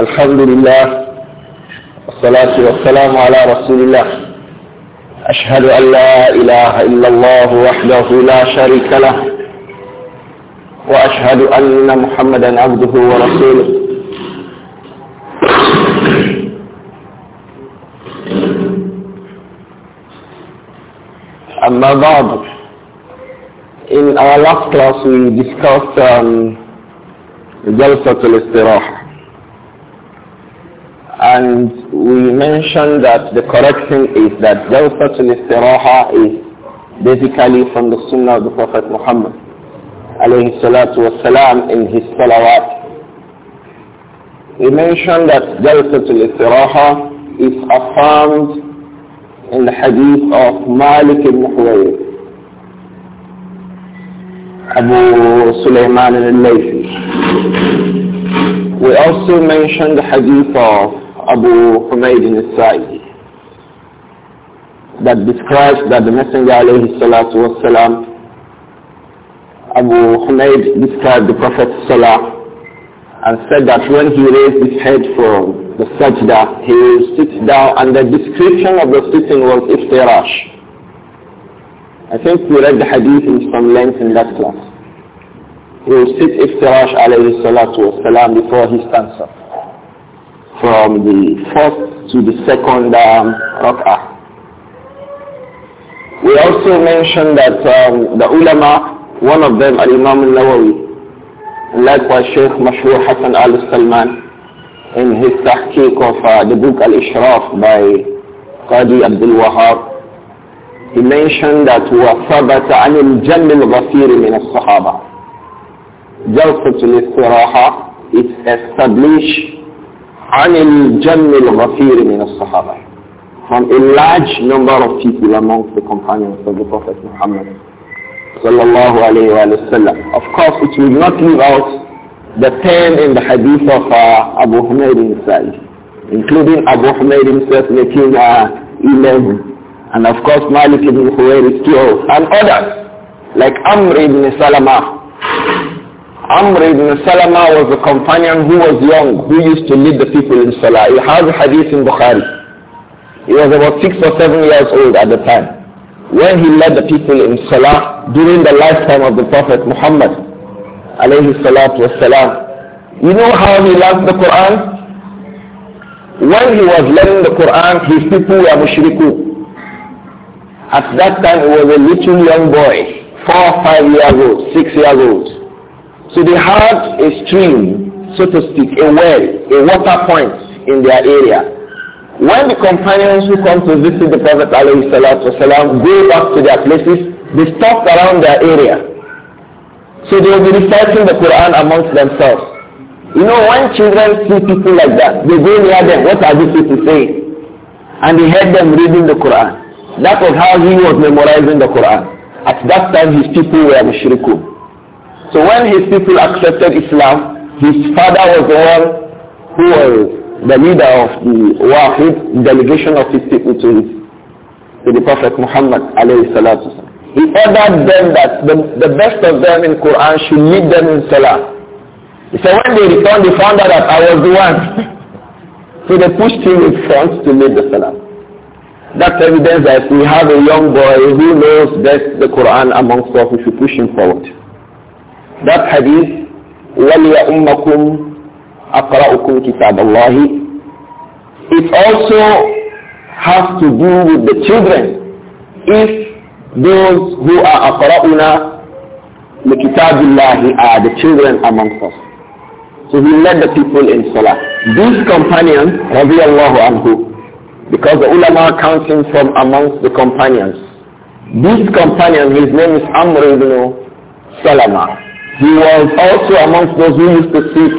الحمد لله والصلاة والسلام على رسول الله أشهد أن لا إله إلا الله وحده لا شريك له وأشهد أن محمدا عبده ورسوله أما بعد In our last class we discussed um, جلسة الاستراحة And we mentioned that the correct thing is that Jalsatul Istiraha is basically from the Sunnah of the Prophet Muhammad alayhi salatu wasalam in his salawat. We mentioned that Jalsatul Istiraha is affirmed in the hadith of Malik ibn Huwayr. Abu Sulaiman al Layfi. We also mentioned the hadith of Abu Humayd al-Sa'idi that describes that the Messenger alayhi salatu wasalam, Abu Humayd described the Prophet Salah and said that when he raised his head from the sajda, he will sit down and the description of the sitting was iftirash. I think we read the hadith in some length in that class. He will sit iftirash alayhi salatu wasalam before he stands up from the first to the second um, rak'ah. We also mentioned that um, the ulama, one of them, Al-Imam al-Nawawi, likewise Sheikh Mashru Hassan al-Salman, in his tahqiq of uh, the book Al-Ishraf by Qadi Abdul Wahab, he mentioned that وَثَبَتَ عَنِ الْجَنِّ الْغَفِيرِ مِنَ الصَّحَابَةِ جلسة الاستراحة is established عن الجن الغفير من Sahaba, from a large number of people amongst the companions of the Prophet Muhammad sallallahu alayhi wa sallam. Of course, it will not leave out the pain in the hadith of uh, Abu Humayd himself, including Abu Humayd himself making uh, 11, and of course Malik ibn Huwair is 12, and others like Amr ibn Salama Amr ibn Salama was a companion who was young, who used to lead the people in Salah. He has a hadith in Bukhari. He was about six or seven years old at the time. When he led the people in Salah during the lifetime of the Prophet Muhammad, alayhi salatu wasalam, you know how he learned the Quran? When he was learning the Quran, his people were mushriku. At that time, he was a little young boy, four, five years old, six years old. So they had a stream, so to speak, a well, a water point in their area. When the companions who come to visit the Prophet والسلام, go back to their places, they stop around their area. So they will be reciting the Quran amongst themselves. You know, when children see people like that, they go near them, what are these people saying? And they heard them reading the Quran. That was how he was memorizing the Quran. At that time, his people were mushrikun. So when his people accepted Islam, his father was the one who was the leader of the Wahid delegation of his people to, his, to the Prophet Muhammad alayhi salatu He ordered them that the, the best of them in Quran should lead them in Salah. He said when they returned, they found out that I was the one. so they pushed him in front to lead the Salah. That's evidence that we have a young boy who knows best the Quran amongst us. We should push him forward. That hadith, وَلْيَأُمَّكُمْ أَقْرَأُكُمْ كِتَابَ اللَّهِ It also has to do with the children. If those who are أَقْرَأُنَا لِكِتَابِ are the children amongst us. So he led the people in Salah. These companions, radiallahu anhu, because the ulama counts him from amongst the companions. This companion, his name is Amr ibn Salama. He was also amongst those who used to seek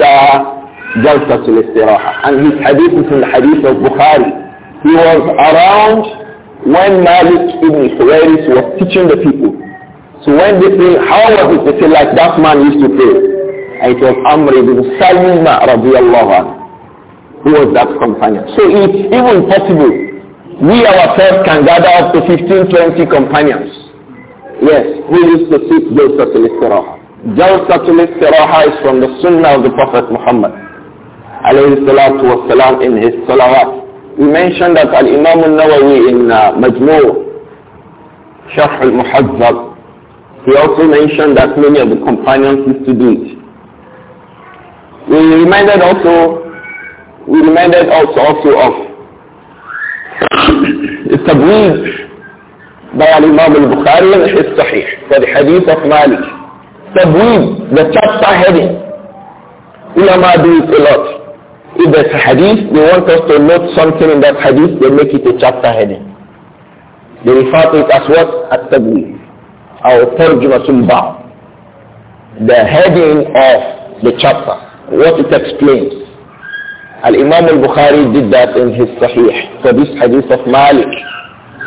جلسة الاستراحة and his hadith is in the hadith of Bukhari. He was around when Malik ibn Huwairis was teaching the people. So when they say, how was it? They say like that man used to pray. And it was Amr ibn Salima radiallahu anhu. Who was that companion? So it's even possible we ourselves can gather up to 15, 20 companions. Yes, who used to seek jalsa al Jalsatul Istiraha is from the Sunnah of the Prophet Muhammad alayhi in his salawat. We mentioned that Al-Imam al-Nawawi in uh, Majmu' Sharh al-Muhazzab, he also mentioned that many of the companions used to do it. We reminded also, we reminded also, also of the tabweed by Imam al-Bukhari in his Sahih, for the hadith of Malik. Tabweed, the chapter heading. Ulama do it a lot. If there's a hadith, they want us to note something in that hadith, they make it a chapter heading. They refer to it as what? At-Tabweed. Our Tarjumatul Ba. The heading of the chapter. What it explains. Al-Imam al-Bukhari did that in his Sahih for this hadith of Malik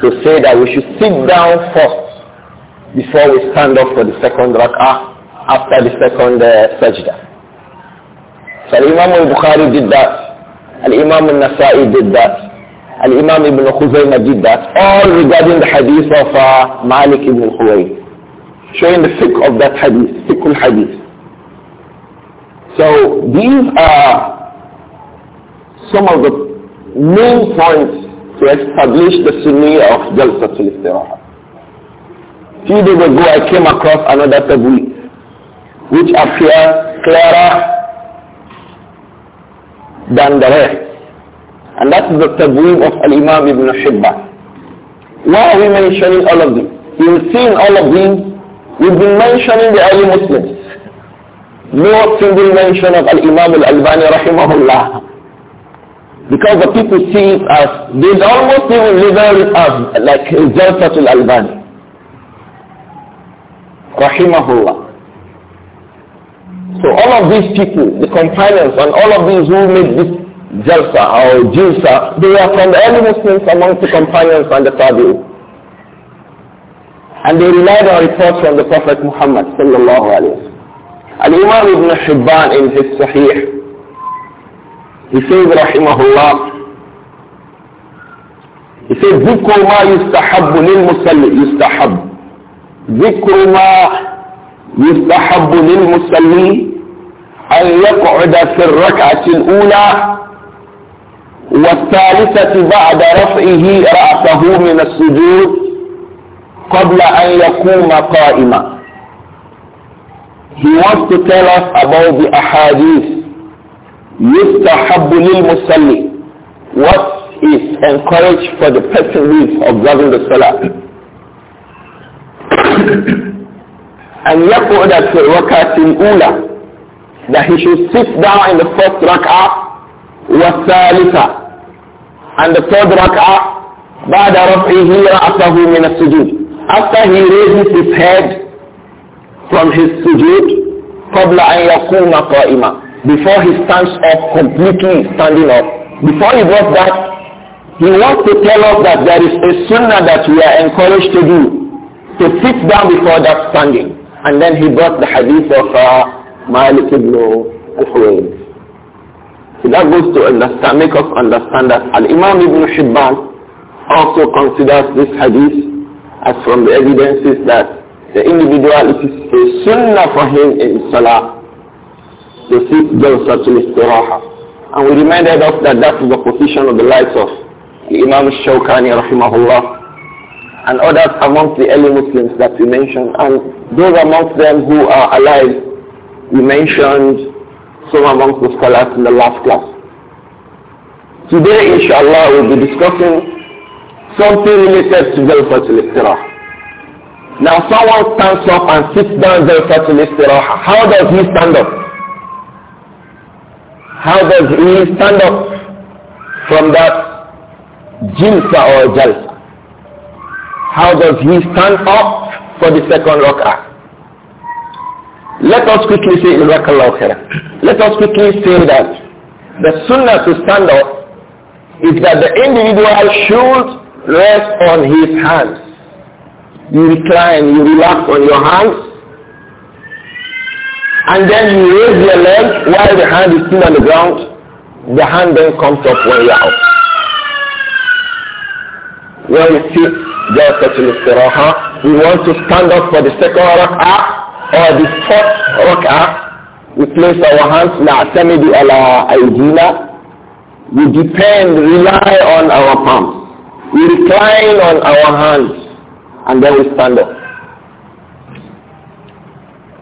to say that we should sit down first before we stand up for the second rak'ah after the second uh, sajda. So Imam al-Bukhari did that. Al-Imam al-Nasa'i did that. Al-Imam ibn Khuzaymah did that. All regarding the hadith of uh, Malik ibn Khuwayn. Showing the fiqh of that hadith, fiqh al-hadith. So these are some of the main points to establish the sunni of Jalsatul Istirahah. Few days ago I came across another tabloid which appear clearer than the rest. And that's the tabweeb of Al-Imam Ibn Hibban. Why are we mentioning all of these? You've seen all of these. We've been mentioning the early Muslims. No single mention of Al-Imam Al-Albani rahimahullah. Because the people see it as, they almost even label it as like Al Albani. Rahimahullah. So all of these people, the companions and all of these who made this Jalsa or Jilsa, they were from the early Muslims among the companions and the Tabi'u. And they relied on reports from the Prophet Muhammad sallallahu alayhi wa imam Ibn Hibban in his Sahih, he says rahimahullah, he says, ذكر ما يستحب للمسلم يستحب ذكر ما يستحب للمصلي أن يقعد في الركعة الأولى والثالثة بعد رفعه رأسه من السجود قبل أن يقوم قائما He wants to tell us about the ahadith يستحب للمصلي What is encouraged for the person who is observing the salah أن يقعد في الركعة الأولى that he should sit down in the first rak'ah والثالثة and the third rak'ah بعد رفعه رأسه من sujud. after he raises his head from his sujood قبل أن يقوم قائما before he stands up completely standing up before he does that he wants to tell us that there is a sunnah that we are encouraged to do, to sit down before that standing. And then he brought the hadith of uh, Malik ibn al So that goes to understand, make us understand that Al-Imam ibn Hibban also considers this hadith as from the evidences that the individual, it is a sunnah for him in Salah to seek Jalsatul Istiraha. And we reminded us that that is the position of the likes of the Imam Shawkani rahimahullah and others amongst the early Muslims that we mentioned, and those amongst them who are alive, we mentioned some amongst the scholars in the last class. Today, inshallah, we'll be discussing something related to Jalfatul Istirah. Now, someone stands up and sits down Jalfatul Istirah. How does he stand up? How does he stand up from that jinsa or Jalsa? How does he stand up for the second rak'ah? Let us quickly say, let us quickly say that the sunnah to stand up is that the individual should rest on his hands. You recline, you relax on your hands, and then you raise your leg while the hand is still on the ground. The hand then comes up when you're out. When you sit, جلسة الاستراحة we want to stand up for the second rak'ah or the fourth rak'ah we place our hands نعتمد على أيدينا we depend, rely on our palms we recline on our hands and then we stand up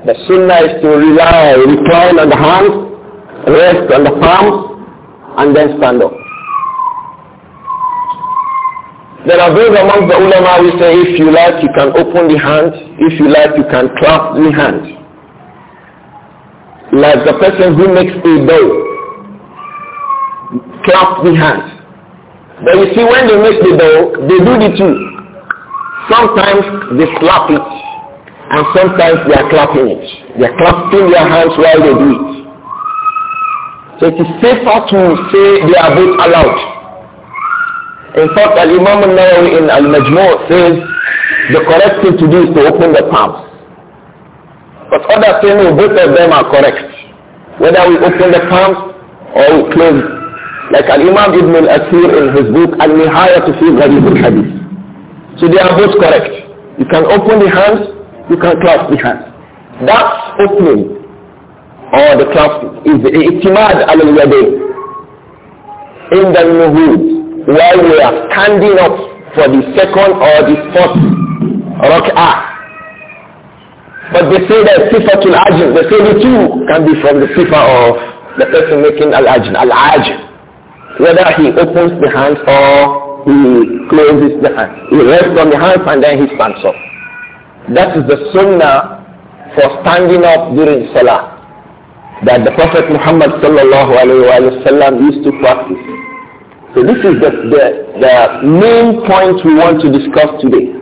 the sunnah is to rely, recline on the hands, rest on the palms, and then stand up. There are those among the ulama who say if you like you can open the hand, if you like you can clap the hand. Like the person who makes a bow. Clap the hand. But you see when they make the bow, they do the two. Sometimes they slap it and sometimes they are clapping it. They are clapping their hands while they do it. So it is safer to say they are both allowed. In fact, Al-Imam al-Nawawi in Al-Majmu' says the correct thing to do is to open the palms. But other say no, both of them are correct. Whether we open the palms or we close. Like Al-Imam Ibn al-Asir in his book Al-Nihaya to see Gharib al-Hadith. So they are both correct. You can open the hands, you can clasp the hands. That opening or the clasp is the itimad al-yadayn in the nuhud while we are standing up for the second or the fourth rak'ah. But they say that sifatul ajn, they say the two can be from the sifa of the person making al-ajn, al-ajn. Whether he opens the hands or he closes the hands. He rests on the hands and then he stands up. That is the sunnah for standing up during salah that the Prophet Muhammad sallallahu alayhi wa sallam used to practice. So this is the, the, the main point we want to discuss today.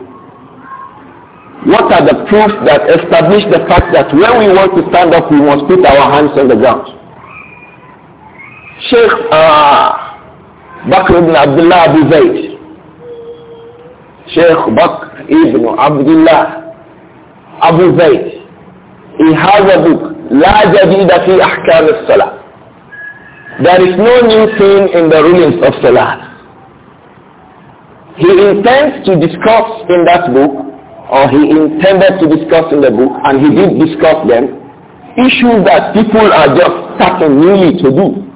What are the proofs that establish the fact that when we want to stand up, we must put our hands on the ground? Sheikh uh, Bakr ibn Abdullah Abu Zayd, Sheikh Bakr ibn Abdullah Abu Zayd, he has a book, لا جديد في أحكام الصلاة there is no new thing in the rulings of Salah. He intends to discuss in that book, or he intended to discuss in the book, and he did discuss them, issues that people are just starting newly to do.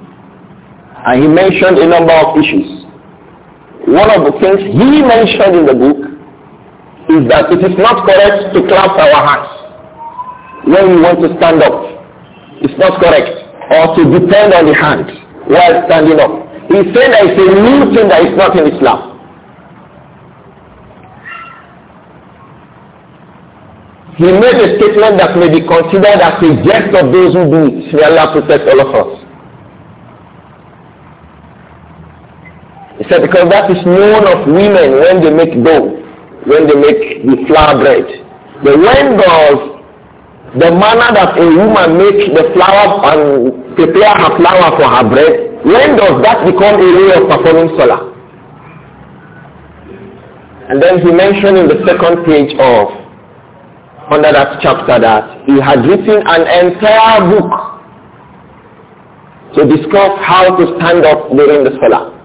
And he mentioned a number of issues. One of the things he mentioned in the book is that it is not correct to clap our hands when we want to stand up. It's not correct or to depend on the hand while standing up. He said there is a new thing that is not in Islam. He made a statement that may be considered as a jest of those who do it. May Allah protect all of us. He said because that is known of women when they make dough, when they make the flour bread. The when does the manner that a woman makes the flour and prepare her flour for her bread, when does that become a way of performing salah? And then he mentioned in the second page of under that chapter that he had written an entire book to discuss how to stand up during the salah.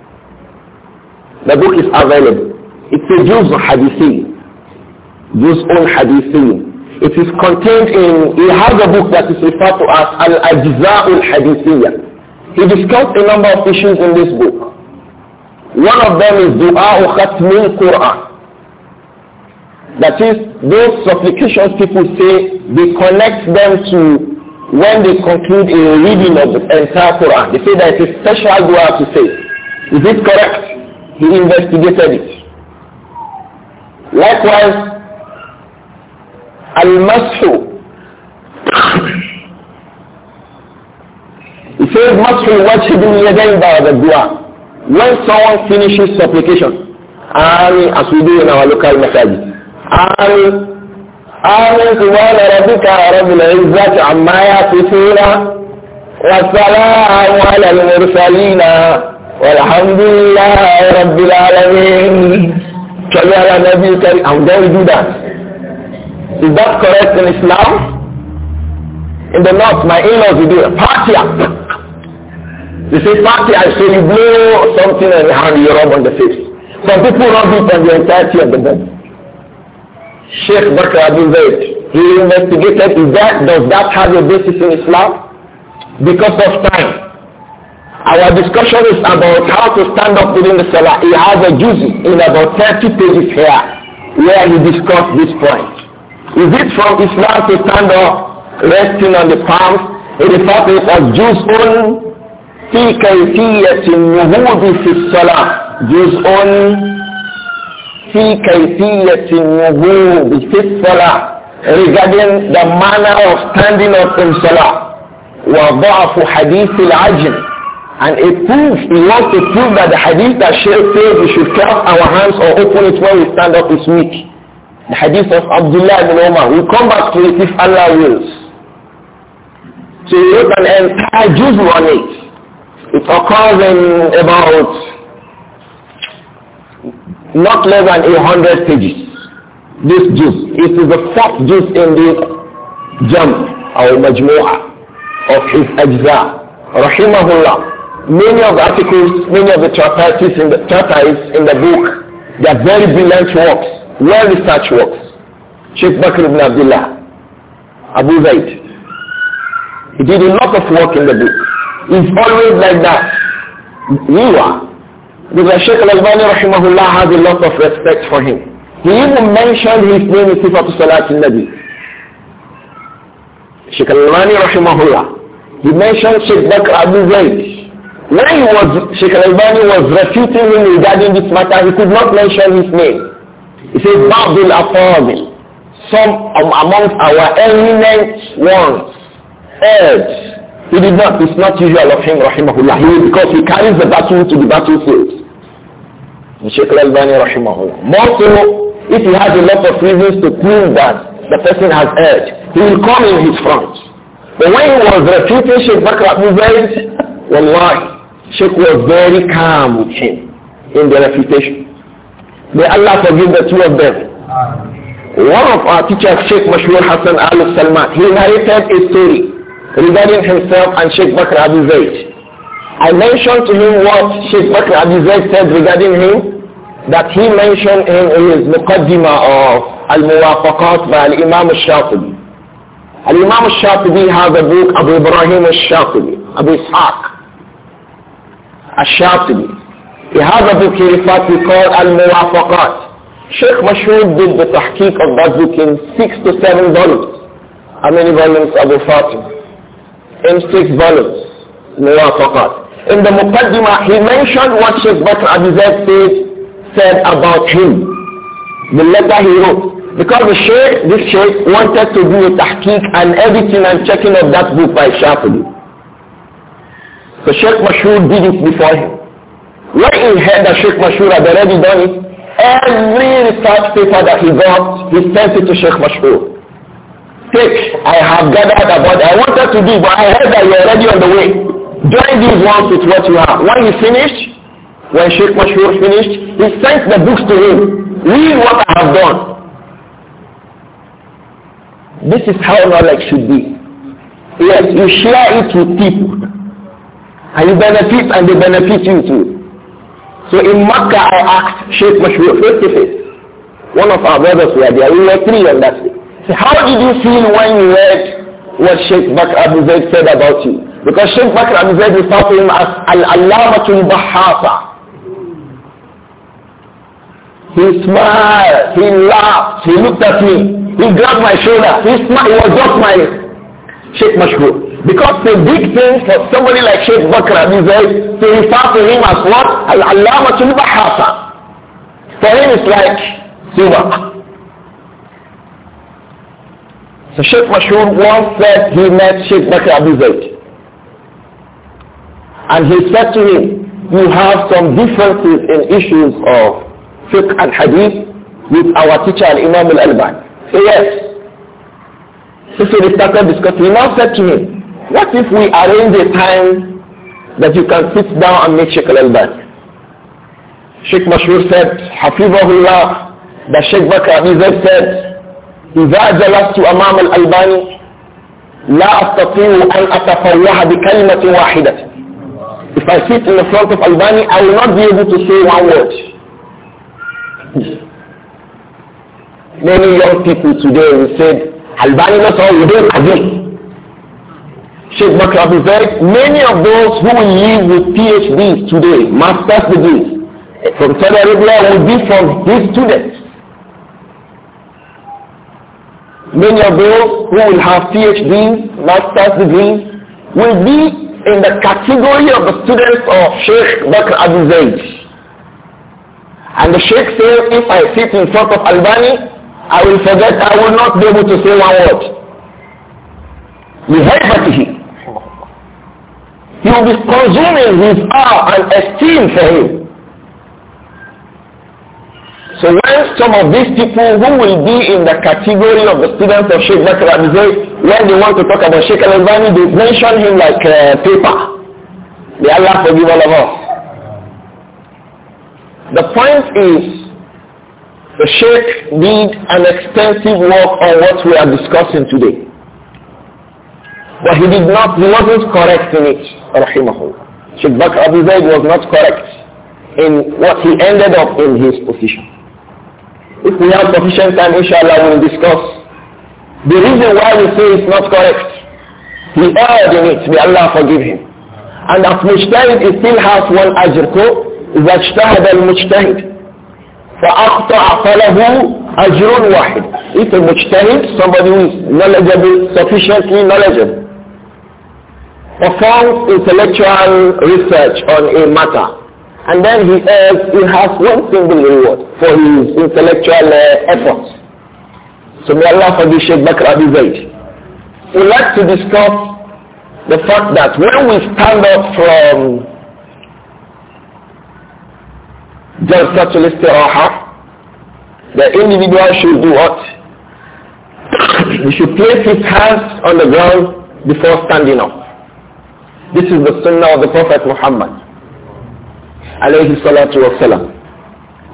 The book is available. It's a Jews' Hadithi. Jews on Hadithi. It is contained in, he has a book that is referred to as Al-Ajza'ul Hadithiyya. He discussed a number of issues in this book. One of them is Du'a Khatmul Qur'an. That is, those supplications people say, they connect them to when they conclude a reading of the entire Quran. They say that it's a special dua to say. Is it correct? He investigated it. Likewise, المسح. masu He says, Masu wajibun yadayn ba'da dua. When someone finishes supplication, Amin as we do in our local masajid. Amin. آمن سبحان ربك رب العزة عما يصفون والسلام على المرسلين والحمد لله رب العالمين. Kẹ́lẹ́ النبي الكريم. I'm going to do that. Is that correct in Islam? In the north, my in-laws will do a party. They say party, so you blow something and you hand you rub on the face. Some people rub it on the entirety of the bed. Sheikh Bakr Abu Zaid, he investigated is that, does that have a basis in Islam? Because of time. Our discussion is about how to stand up during the salah. He has a juicy in about 30 pages here where he discussed this point. Is it from Islam to stand up resting on the palms in the surface of juz'un own كيفية النهوض في الصلاة جزء في كيفية النهوض في الصلاة regarding the manner of standing up in salah وضعف حديث العجل and it proves he wants to prove that the hadith that Shaykh says we should clap our hands or open it when we stand up is weak the hadith of Abdullah ibn Umar. We'll come back to it if Allah wills. So you wrote an entire Jews on it. It occurs in about not less than a hundred pages. This juice. It is the fourth juice in the Jam or Majmua of his Ajza. Rahimahullah. Many of the articles, many of the chapters in the, in the book, they are very brilliant works well search works. Sheikh Bakr ibn Abdullah, Abu Zaid. He did a lot of work in the book. He's always like that. You are Because Sheikh Al-Albani rahimahullah has a lot of respect for him. He even mentioned his name in Sifat Salat al-Nabi. Sheikh Al-Albani rahimahullah. He mentioned Sheikh Bakr Abu Zaid when he was Sheikh Al-Albani was refuting him regarding this matter, he could not mention his name. He says, Babul Afadil, some among um, amongst our eminent ones, urge. He did not, it's not usual of him, rahimahullah, he, because he carries the battle to the battlefield. Sheikh bani rahimahullah. More so, if he has a lot of reasons to prove that the person has erred, he will come in his front. But when he was refuting Sheikh Bakr Abu Zayd, wallahi, Sheikh was very calm with him in the refutation. May Allah forgive the two of them. One of our teachers, Sheikh Mashur Hassan Al Salman, he narrated a story regarding himself and Sheikh Bakr Abu Zaid. I mentioned to him what Sheikh Bakr Abu Zaid said regarding him, that he mentioned him in his Muqaddima of Al-Muwafaqat by al Imam al-Shatibi. Al-Imam al-Shatibi has a book, Abu Ibrahim al-Shatibi, Abu Ishaq al-Shatibi. He has a book he referred to called Al-Muwafaqat. Sheikh Mashhud did the tahqiq of that book in six to seven volumes. How many volumes Abu Fatim? In six volumes. Muwafaqat. In the Muqaddimah, he mentioned what Sheikh Bakr Abizad said, said about him. The letter he wrote. Because the Sheikh, this Sheikh, wanted to do a tahqiq and editing and checking of that book by Shafi'i. So Sheikh Mashhud did it before him. When he heard that Sheikh Mashur had already done it, every research paper that he got, he sent it to Sheikh Mashur. Take, I have gathered about, I wanted to do, but I heard that you're already on the way. Join these ones with what you have. When you finish, when Sheikh Mashur finished, he sent the books to him. Read what I have done. This is how knowledge should be. Yes, you share it with people. And you benefit and they benefit you too. So in Makkah, I asked Sheikh Mashur face to face. One of our brothers were there. We were three on that day. So how did you feel when you heard what Sheikh Bakr Abu said about you? Because Sheikh Bakr Abu Zayd referred to him as Al-Allamatul Bahasa. He smiled, he laughed, he looked at me, he grabbed my shoulder, he smiled, he was just my Sheikh Mashhur. Because the big thing for somebody like Sheikh Bakr Abiz to refer to him as what? Al-Allamatul Bahasa. For him it's like Sima. So Sheikh Mashur once said he met Sheikh Bakr Abiz And he said to him, you have some differences in issues of fiqh and hadith with our teacher Imam Al-Albani. So yes. So, so started discussing. He now said to him, what if we arrange a time that you can sit down and meet Sheikh al-Albani? Sheikh Mashur said, Hafizahullah, The Sheikh Bakr Abizad said, إذا جلست أمام الألباني لا أستطيع أن أتفوه بكلمة واحدة. If I sit in the front of Albani, I will not be able to say one word. Many young people today will say, Albani not all, you don't agree. Sheikh Bakr Abu Zaid, many of those who will leave with PhDs today, master's degrees, from Saudi Arabia will be from his students. Many of those who will have PhDs, master's degrees, will be in the category of the students of Sheikh Bakr Abu Zaid. And the Sheikh said, if I sit in front of Albani, I will forget, I will not be able to say one word you will be consuming his awe and esteem for him. So when some of these people who will be in the category of the students of Sheikh Bakr Abizay, when they want to talk about Sheikh Al-Albani, they mention him like uh, paper. May Allah forgive all of us. The point is, the Sheikh did an extensive work on what we are discussing today. But he did not, he wasn't correct in it. الله. شيخ Bakr أبو زيد was not correct in what he ended up in his position. If we have sufficient time, inshallah, we will discuss. The reason why we say it's not correct, he erred in it, may Allah forgive him. And as mujtahid, he still has one ajr, so إذا اجتهد المجتهد فأخطأ فله أجر واحد. If a mujtahid, somebody who is knowledgeable, sufficiently knowledgeable, performs intellectual research on a matter, and then he says he has one single reward for his intellectual uh, efforts. So may Allah forgive Sheikh Bakr Abi Zaid. We like to discuss the fact that when we stand up from Jalsatul listeraha, the individual should do what? he should place his hands on the ground before standing up. This is the sunnah of the Prophet Muhammad. Alayhi salatu wasalam.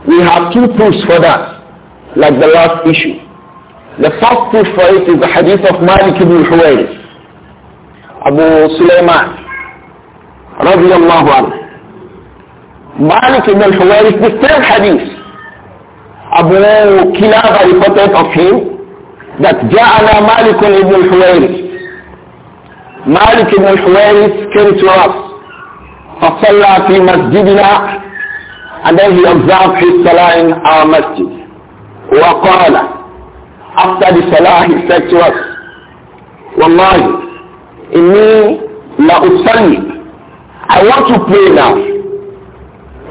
We have two proofs for that, like the last issue. The first proof for it is the hadith of Malik ibn Huwairis, Abu Sulaiman, radiallahu anhu. Malik ibn Huwairis, the third hadith, Abu Kilaba reported of him that جعل مالك ibn Huwairis Malik ibn Huwais came to us فصلى في مسجدنا and then he observed his salah in our masjid وقال after the salah he said to us والله إني لأصلي I want to pray now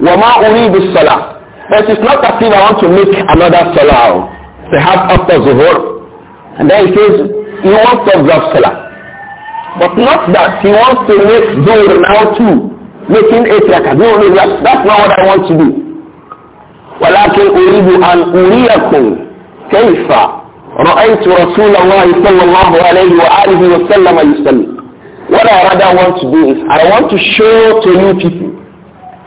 وما أريد الصلاة But it's not that if I want to make another salah perhaps after Zuhur and then he says you want to observe salah but not that he wants to make Zuhr now too, making eight rakah. No, no, that, that's not what I want to do. ولكن أريد أن أريكم كيف رأيت رسول الله صلى الله عليه وآله وسلم يصلي. What I rather want to do is I want to show to you people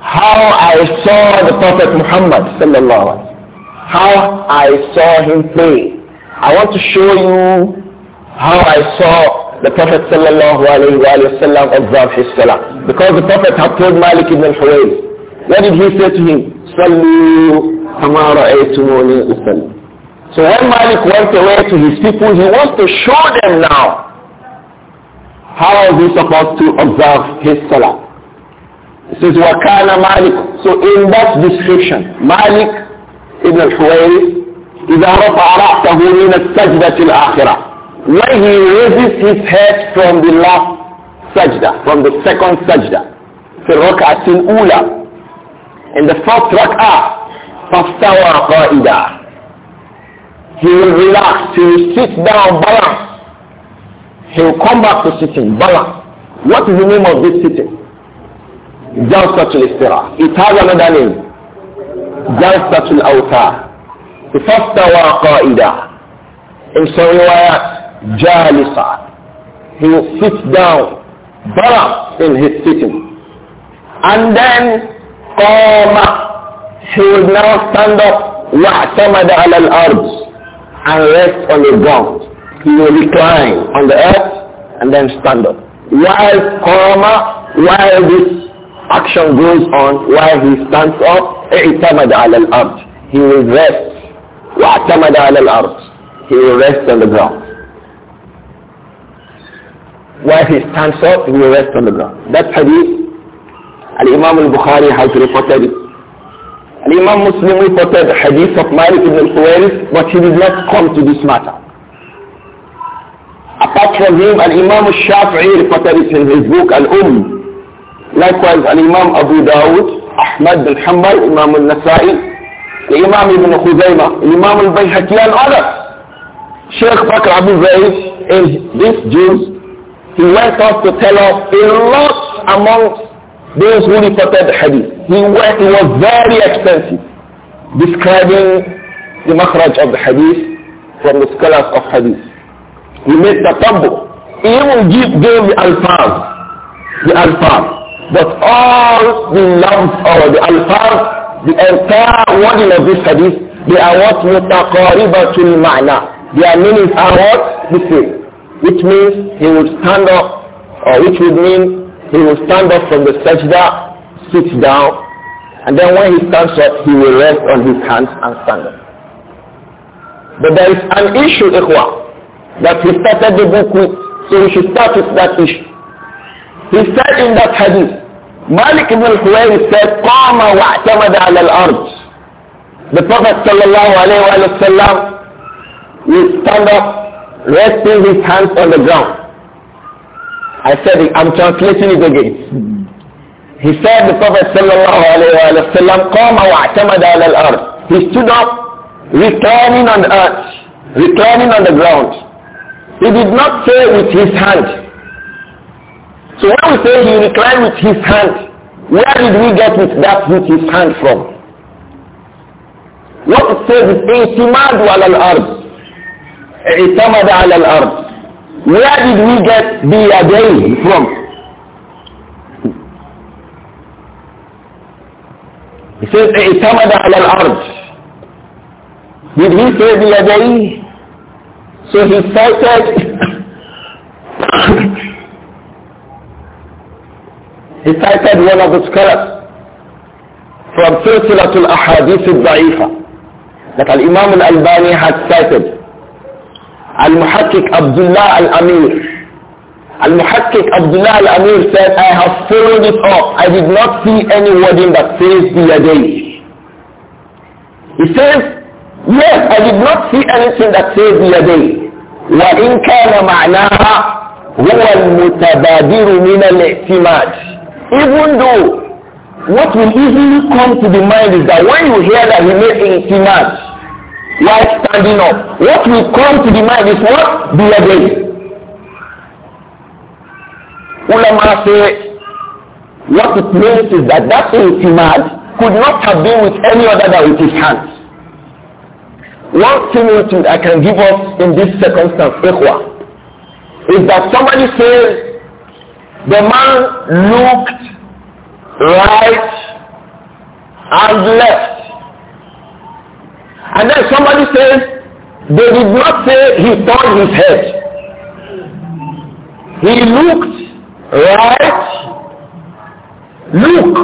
how I saw the Prophet Muhammad sallallahu alaihi wasallam, how I saw him pray. I want to show you how I saw the Prophet sallallahu alayhi wa observed his salah. Because the Prophet had told Malik ibn al-Huwayl, what did he say to him? Sallu kama ra'aytumuni usalli. So when Malik went away to his people, he wants to show them now how are we supposed to observe his salah. It says, وَكَانَ Malik. So in that description, Malik ibn al-Huwayl إذا رفع رأسه من السجدة الآخرة when he raises his head from the last sajda, from the second sajda, في الركعة الأولى, in the first rak'ah, فاستوى qaida, He will relax, he will sit down, balance. He will come back to sitting, balance. What is the name of this sitting? Jalsatul Istira. It has another name. Jalsatul Awtar. فاستوى qaida. In some riwayat, jalisa. He will sit down, balance in his sitting. And then, qama. He will now stand up, wa'tamada ala al-ard. And rest on the ground. He will recline on the earth and then stand up. While qama, while this action goes on while he stands up اعتمد على الأرض he will rest واعتمد al الأرض he will rest on the ground While he stands up, he will rest on the ground. That hadith, Al-Imam al-Bukhari has reported it. Al-Imam Muslim reported the hadith of Malik ibn al-Khuwaris, but he did not come to this matter. Apart from him, Al-Imam al-Shafi'i reported it in his book Al-Umm. Likewise, Al-Imam Abu Dawud, Ahmad bin Hanbal, Imam al-Nasa'i, the Imam ibn Khuzaimah, Imam al-Bayhaqi and others. Sheikh Bakr Abu Zayd in this Jews he went off to tell us a lot amongst those who reported the hadith. He, went, it was very extensive describing the makhraj of the hadith from the scholars of hadith. He made the taboo. He even give, gave the alfaz, the alfaz. But all the lambs or the alfaz, the entire wording of this hadith, they are what mutaqaribatul ma'na. Their meanings are what? The same which means he would stand up, or which would mean he will stand up from the sajda, sit down, and then when he stands up, he will rest on his hands and stand up. But there is an issue, Ikhwa, that he started the book with, so we should start with that issue. He said in that hadith, Malik ibn al said, قَامَ وَاعْتَمَدَ عَلى الْأَرْضِ The Prophet sallallahu alayhi wa sallam will stand up resting his hands on the ground. I said I'm translating it again. He said the Prophet sallallahu alayhi wa sallam, قَوْمَ وَاعْتَمَدَ عَلَى He stood up, reclining on the earth, reclining on the ground. He did not say with his hand. So when we say he reclined with his hand, where did we get with that with his hand from? What it says is, اِعْتِمَادُ عَلَى اعتمد على الأرض where did we get بيديه from He says اعتمد على الأرض did he say بيديه so he cited he cited one of the scholars from Ahadith al الضعيفة that Imam al-Albani had cited Al-Muhakkik Abdullah Al-Amir. Al-Muhakkik Abdullah Al-Amir said, I have followed it up. I did not see any wording that says the day. He says, yes, I did not see anything that says the day. وإن كان معناها هو المتبادر من الاعتماد even though what will easily come to the mind is that when you hear that he made intimate while standing up. What will come to the mind is what? The again. Ulama say what it means is that that intimad could not have been with any other than with his hands. One similitude I can give us in this circumstance, ikhwa, is that somebody says the man looked right and left and then somebody says, they did not say he turned his head. He looked right. Look.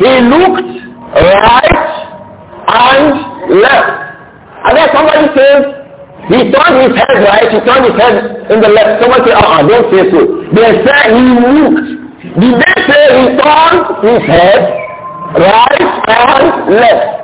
He looked right and left. And then somebody says, he turned his head right, he turned his head in the left. Somebody says, uh-uh, don't say so. They say he looked. Did they say he turned his head right and left?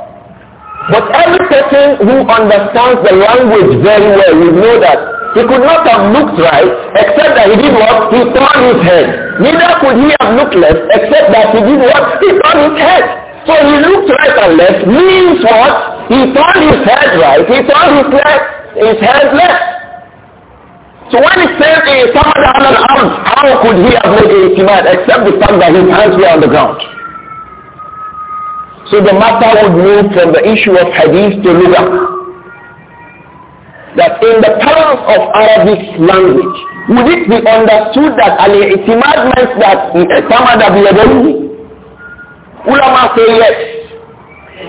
But every person who understands the language very well will know that he could not have looked right except that he did what? He turned his head. Neither could he have looked left except that he did what? He turned his head. So he looked right and left means what? He turned his head right. He turned his left, his head left. So when it says he suffered eh, on an arm, how could he have made a command except the fact that his hands were on the ground? So the matter would move from the issue of hadith to luga. That in the terms of Arabic language, would it be understood that al-i'timad means that i'tamada biyadayhi? Ulama say yes.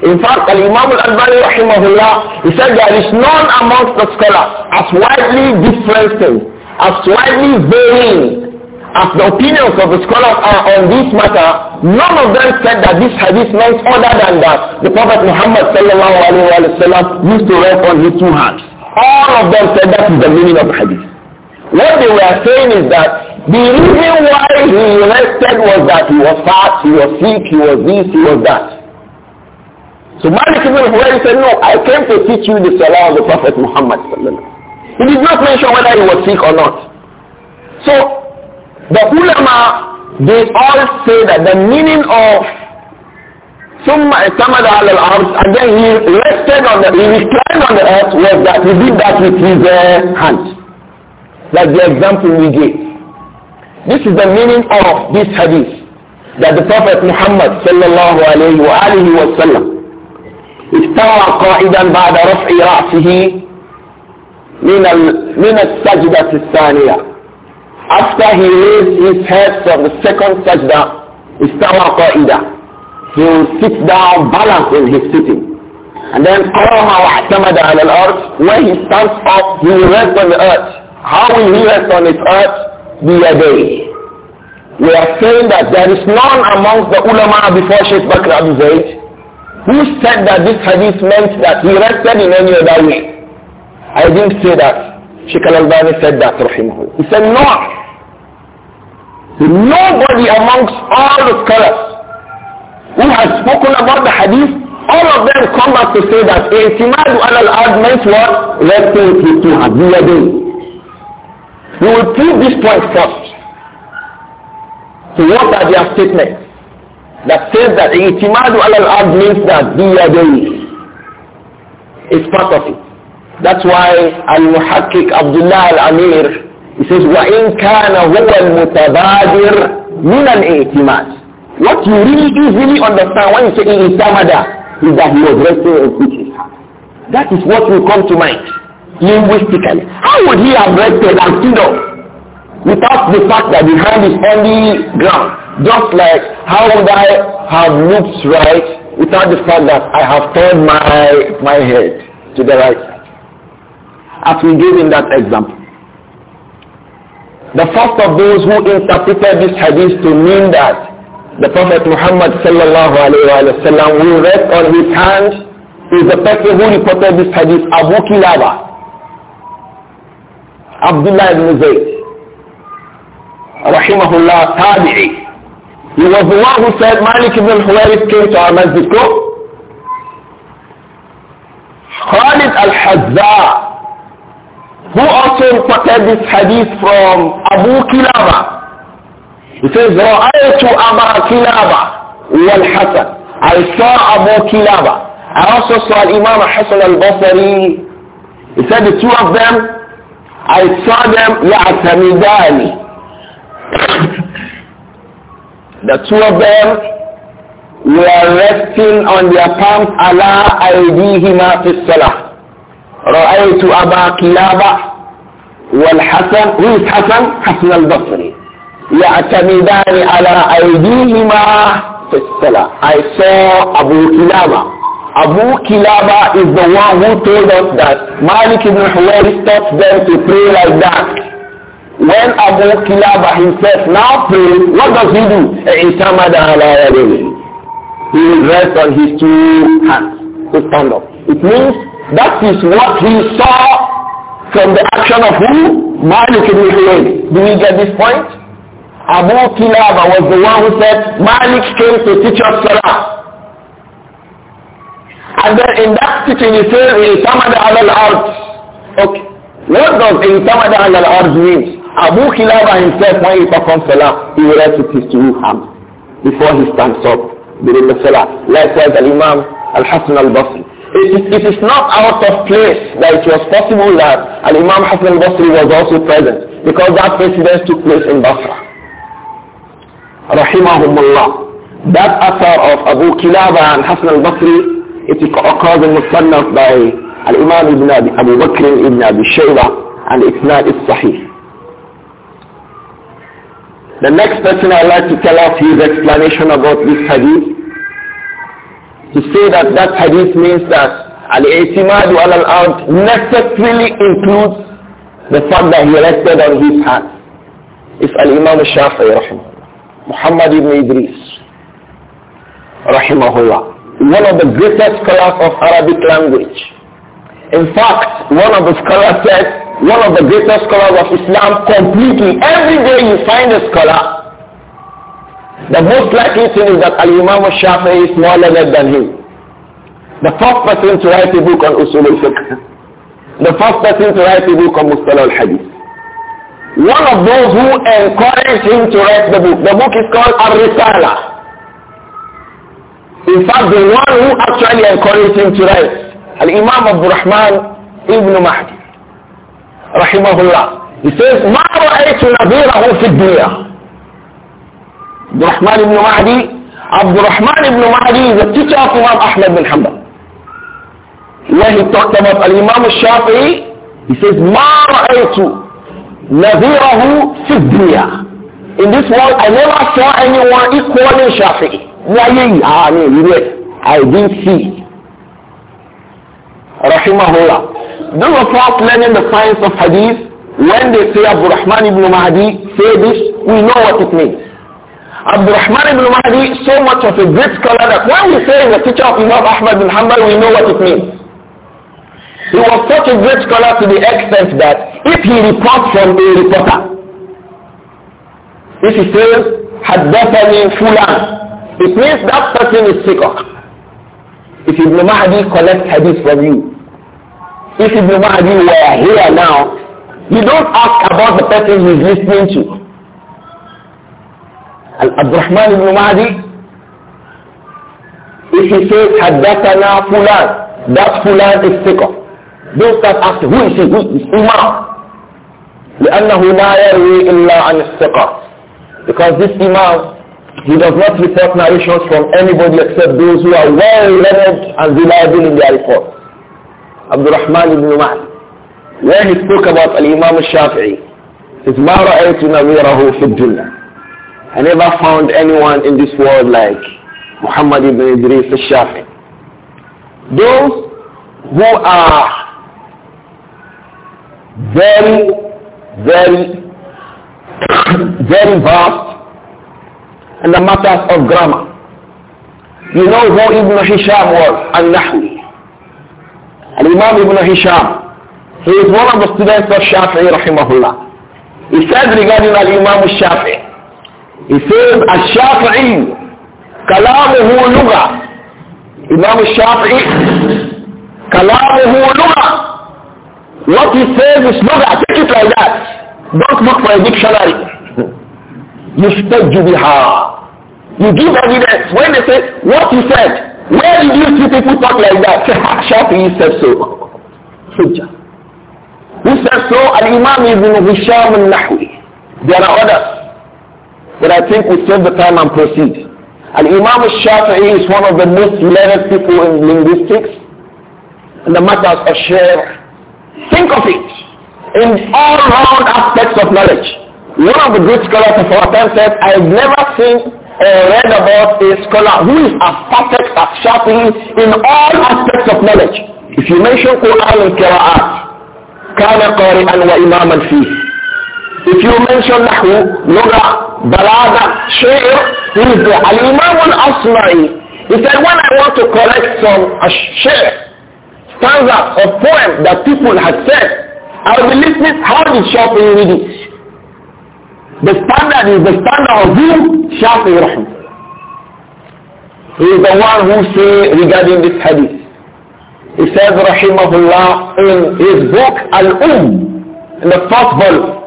In fact, Al-Imam Al-Albani rahimahullah, he said there is none amongst the scholars as widely different, as widely varying as the opinions of the scholars are on this matter, none of them said that this hadith meant other than that the Prophet Muhammad sallallahu alaihi wasallam used to rest on his two hands. All of them said that is the meaning of the hadith. What they were saying is that the reason why he rested was that he was fat, he was sick, he was this, he was that. So Malik ibn Huwairi said, no, I came to teach you the salah of the Prophet Muhammad sallallahu He did not mention whether he was sick or not. So the ulama, they all say that the meaning of ثم اعتمد على الأرض and then he rested on the, he reclined on the earth was that he did that with his uh, hand. Like the example we gave. This is the meaning of this hadith that the Prophet Muhammad sallallahu alayhi wa alihi wa sallam استوى قائدا بعد رفع رأسه من ال... من السجدة الثانية after he raised his head from the second touchdown, Istawa Ida, he will sit down balanced in his sitting. And then Qaraha wa'tamada ala al when he stands up, he will rest on the earth. How will he rest on his earth? day. We are saying that there is none amongst the ulama before Sheikh Bakr Abu Zayd who said that this hadith meant that he rested in any other way. I didn't say that. Sheikh Al-Albani said that, rahimahullah. He said, no, Nobody amongst all the scholars who has spoken about the hadith, all of them come back to say that Intimadu al-Ad meant what? Resting with two hands. We will prove this point first. So what are their statements? That says that Intimadu al-Ad means that doing. It's part of it. That's why Al-Muhakkik Abdullah al-Amir he says, وَإِنْ كَانَ هُوَ الْمُتَبَادِرُ مِنَ الْإِئْتِمَاسِ What you really easily understand when you say i'tamada is that he was resting and teaching. That is what will come to mind linguistically. How would he have rested and stood up without the fact that the hand is on the ground? Just like how would I have looked right without the fact that I have turned my, my head to the right side? As we gave in that example. The first of those who interpreted this hadith to mean that the Prophet Muhammad sallallahu alayhi wa will rest on his hand is the person who reported this hadith, Abu Kilaba, Abdullah ibn Zayd, rahimahullah, tabi'i. He was the one who said Malik ibn Huwaris came to our masjid. Khalid al-Hazza who also reported this hadith from Abu Kilaba. He says, رَأَيْتُ أَبَا كِلَابَ Hasan. I saw Abu Kilaba. I also saw Imam Hassan al-Basri. He said the two of them, I saw them yatamidani. The two of them were resting on their palms Allah أَيْدِيهِمَا فِي الصَّلَاةِ رأيت أبا قلابة والحسن والحسن حسن حسن البصري يعتمدان على أيديهما في الصلاة I saw أبو كلابة Abu Kilaba is the one who told us that Malik ibn Huwairis stops them to pray like that. When Abu Kilaba himself now prays, what does he do? He will rest on his two hands to stand up. It means That is what he saw from the action of who? Malik ibn Huwayn. Do we get this point? Abu Kilaba was the one who said, Malik came to teach us Salah. And then in that teaching he said, Intamada ala al-ard. Okay. What does Intamada ala al-ard mean? Abu Kilaba himself, when he performs Salah, he raises it to two hands before he stands up during the Salah. Likewise, the imam Al-Hasan al-Basri. It is, it is not out of place that it was possible that Al Imam Hassan Basri was also present because that precedence took place in Basra. Rahimahumullah. That affair of Abu Kilaba and Hassan al-Basri, it occurs in Musannaf by Al-Imam ibn Abi, Abu Bakr ibn Abi Shayba and Ibn Al Sahih. The next person I'd like to tell us his explanation about this hadith to say that that hadith means that al-i'timadu al-ard necessarily includes the fact that he rested on his hand. If al-Imam al-Shafi'i rahimahullah, Muhammad ibn Idris rahimahullah, one of the greatest scholars of Arabic language. In fact, one of the scholars said, one of the greatest scholars of Islam completely. Every day you find a scholar the most likely thing is that Al-Imam al-Shafi'i is more learned than him. The first person to write a book on Usul al-Fiqh. The first person to write a book on Mustalah al-Hadith. One of those who encouraged him to write the book. The book is called Ar-Risala. In fact, the one who actually encouraged him to write, Al-Imam Abu Rahman Ibn Mahdi. Rahimahullah. He says, مَا رَأَيْتُ نَذِيرَهُ فِي عبد الرحمن ibn Mahdi عبد Rahman ibn Mahdi is the teacher of Imam Ahmad bin Hanbal where he talked about imam al-Shafi'i he says ما رأيت نظيره في الدنيا in this world I never saw anyone equal Shafi'i láyé ìhà ni ìlú I didn't see rahimahullah. Those of us learning the science of hadith, when they say Abu Rahman ibn Mahdi, say this, we know what it means. Rahman ibn Mahdi so much of a great scholar that when we say the teacher of Imam Ahmad bin Hanbal, we know what it means. He was such a great scholar to the extent that if he reports from a reporter, if he says, حدثني Fulan, it means that person is sick. If Ibn Mahdi collects hadith from you, if Ibn Mahdi were here now, you don't ask about the person he's listening to. عبد الرحمن بن معدي if he says حدثنا فلان that فلان is ثقة don't start asking who is he who is imam لأنه لا يروي إلا عن الثقة because this imam he does not report narrations from anybody except those who are well learned and reliable in their report عبد الرحمن بن معدي when he spoke about al-imam al-shafi'i his ما رأيت نظيره في الجنة I never found anyone in this world like Muhammad ibn Idris al-Shafi. Those who are very, very, very vast in the matters of grammar. You know who Ibn Hisham was, al-Nahwi. Al-Imam Ibn Hisham. He is one of the students of Shafi'i, rahimahullah. He said regarding al-Imam al-Shafi'i, he says, Al-Shafi'i, Kalamuhu Lugha. Imam Shafi'i, Kalamuhu Lugha. What he says is Lugha. Take it like that. Don't look for a dictionary. Yustajju biha. You give evidence. When they say, what he said, where did you see people talk like that? Shafi'i said so. Hujjah. Who said so? Al-Imam Ibn Hisham al-Nahwi. There are others. But I think we save the time and proceed. And Imam Shafi'i is one of the most learned people in linguistics and the matters of share. Think of it in all round aspects of knowledge. One of the great scholars of our time said, I've never seen or read about a scholar who is as perfect as Shafi'i in all aspects of knowledge. If you mention Quran and Qira'at, كان قارئا وإماما فيه if you mention Nahu, Lugha, Balada, Shair, he is the Al-Imam al-Asma'i. He said, when I want to collect some Shair, stanza or poem that people had said, I will be listening, how did Shafi'i read it? The standard is the standard of who? Shafi'i Rahim. He is the one who say regarding this hadith. He says, Rahimahullah, in his book Al-Um, in the first volume,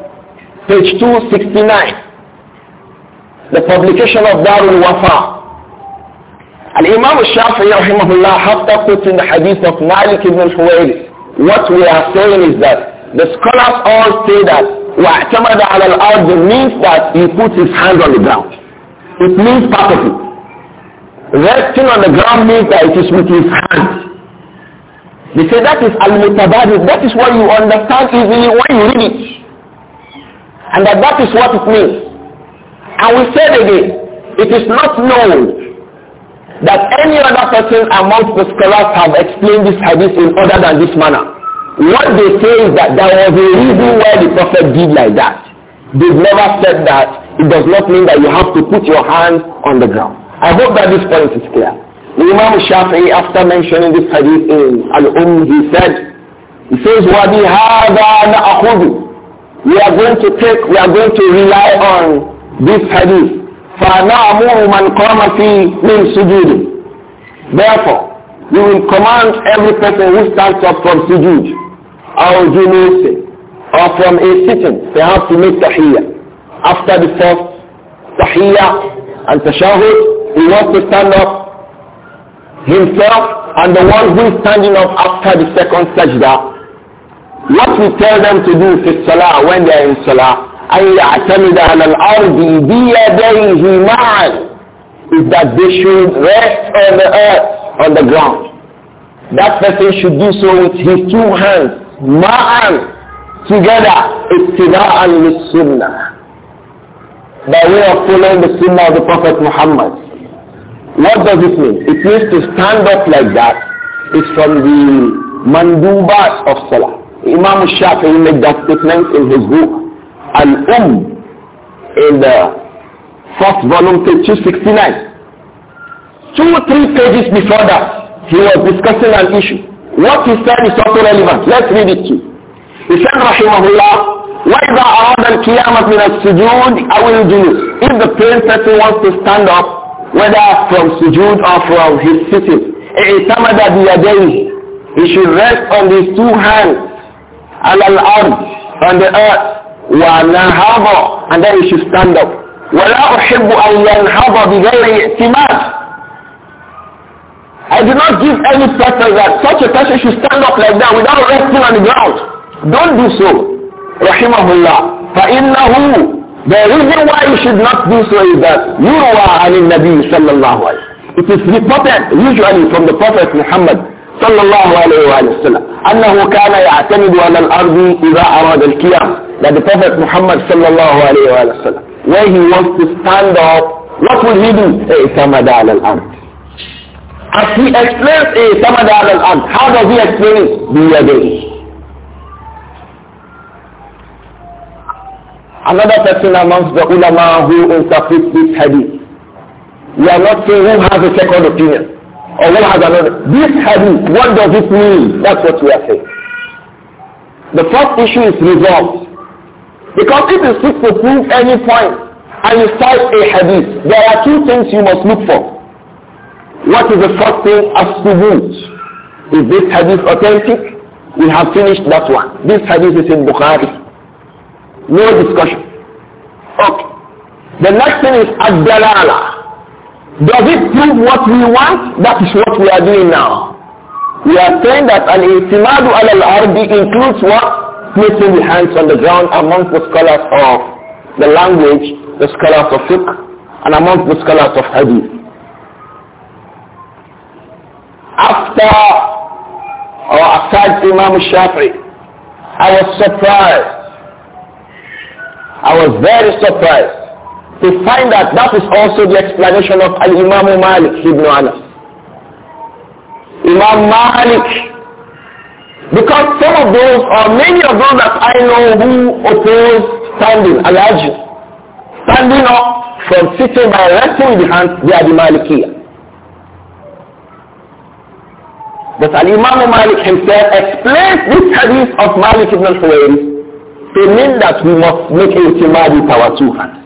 page 269. The publication of Darul Wafa. Al-Imam al-Shafi'i rahimahullah Hafta in the hadith of Malik ibn al What we are saying is that the scholars all say that wa'tamada ala al-ard means that he puts his hand on the ground. It means part of it. Resting on the ground means that it is with his hand. They say that is al-mutabadid. That is what you understand easily when you read it. And that that is what it means. And we said again, it is not known that any other person amongst the scholars have explained this hadith in other than this manner. What they say is that there was a reason why the prophet did like that. They've never said that. It does not mean that you have to put your hands on the ground. I hope that this point is clear. The Imam Shafi'i, after mentioning this hadith in Al-Umm, he said, he says, وَبِهَذَا نَأْخُذُ we are going to take, we are going to rely on this hadith. فَنَعْمُهُ مَنْ قَامَ فِي مِنْ سُجُودٍ Therefore, we will command every person who stands up from sujood, or junus, or from a sitting, they have to make tahiyyah. After the first tahiyyah and tashahud, he wants to stand up himself and the one who is standing up after the second sajda what we tell them to do for salah when they are in salah, أن يعتمد على الأرض بيديه معا is that they should rest on the earth, on the ground. That person should do so with his two hands, معا, together, اتباعا للسنة. By way of following the sunnah of the Prophet Muhammad. What does it mean? It means to stand up like that is from the mandubat of salah. Imam Shafi'i made that statement in his book Al-Um in the first volume, page 269. Two, three pages before that, he was discussing an issue. What he said is also relevant. Let's read it to you. He said, Rahimahullah, وإذا أراد القيامة من السجود أو الجلوس if the praying person wants to stand up whether from sujood or from his sitting اعتمد بيديه he should rest on his two hands on the earth and then you should stand up ولا أحب أن ينهض بغير اعتماد I do not give any person that such a person should stand up like that without resting on the ground. Don't do so. Rahimahullah. فَإِنَّهُ The reason why you should not do so is that يُرْوَى عَنِ النَّبِيِّ صَلَّى اللَّهُ عَلَيْهِ It is reported usually from the Prophet Muhammad صلى الله عليه وآله وسلم أنه كان يعتمد على الأرض إذا أراد القيام that the Prophet صلى الله عليه وآله وسلم when he wants to stand up what will he do اعتمد على الأرض as he explains اعتمد على الأرض how does he explain it بيديه Another person amongst the ulama who interprets this hadith. We are not saying who has a second opinion. or has another. This hadith, what does it mean? That's what we are saying. The first issue is resolved. Because if you seek to prove any point and you cite a hadith, there are two things you must look for. What is the first thing? as Absolute. Is this hadith authentic? We have finished that one. This hadith is in Bukhari. No discussion. Okay. The next thing is ad-dalala. Does it prove what we want? That is what we are doing now. We are saying that an itimadu al includes what? Placing the hands on the ground amongst the scholars of the language, the scholars of fiqh, and amongst the scholars of hadith. After or aside Imam Shafi'i, I was surprised. I was very surprised they find that that is also the explanation of Al-Imam Malik ibn Anas. Imam Malik because some of those, or many of those that I know who oppose standing, allege, standing up from sitting by resting the hands, they are the Malikia. But Al-Imam Malik himself explains this hadith of Malik ibn al-Huwairi to mean that we must make a two hands.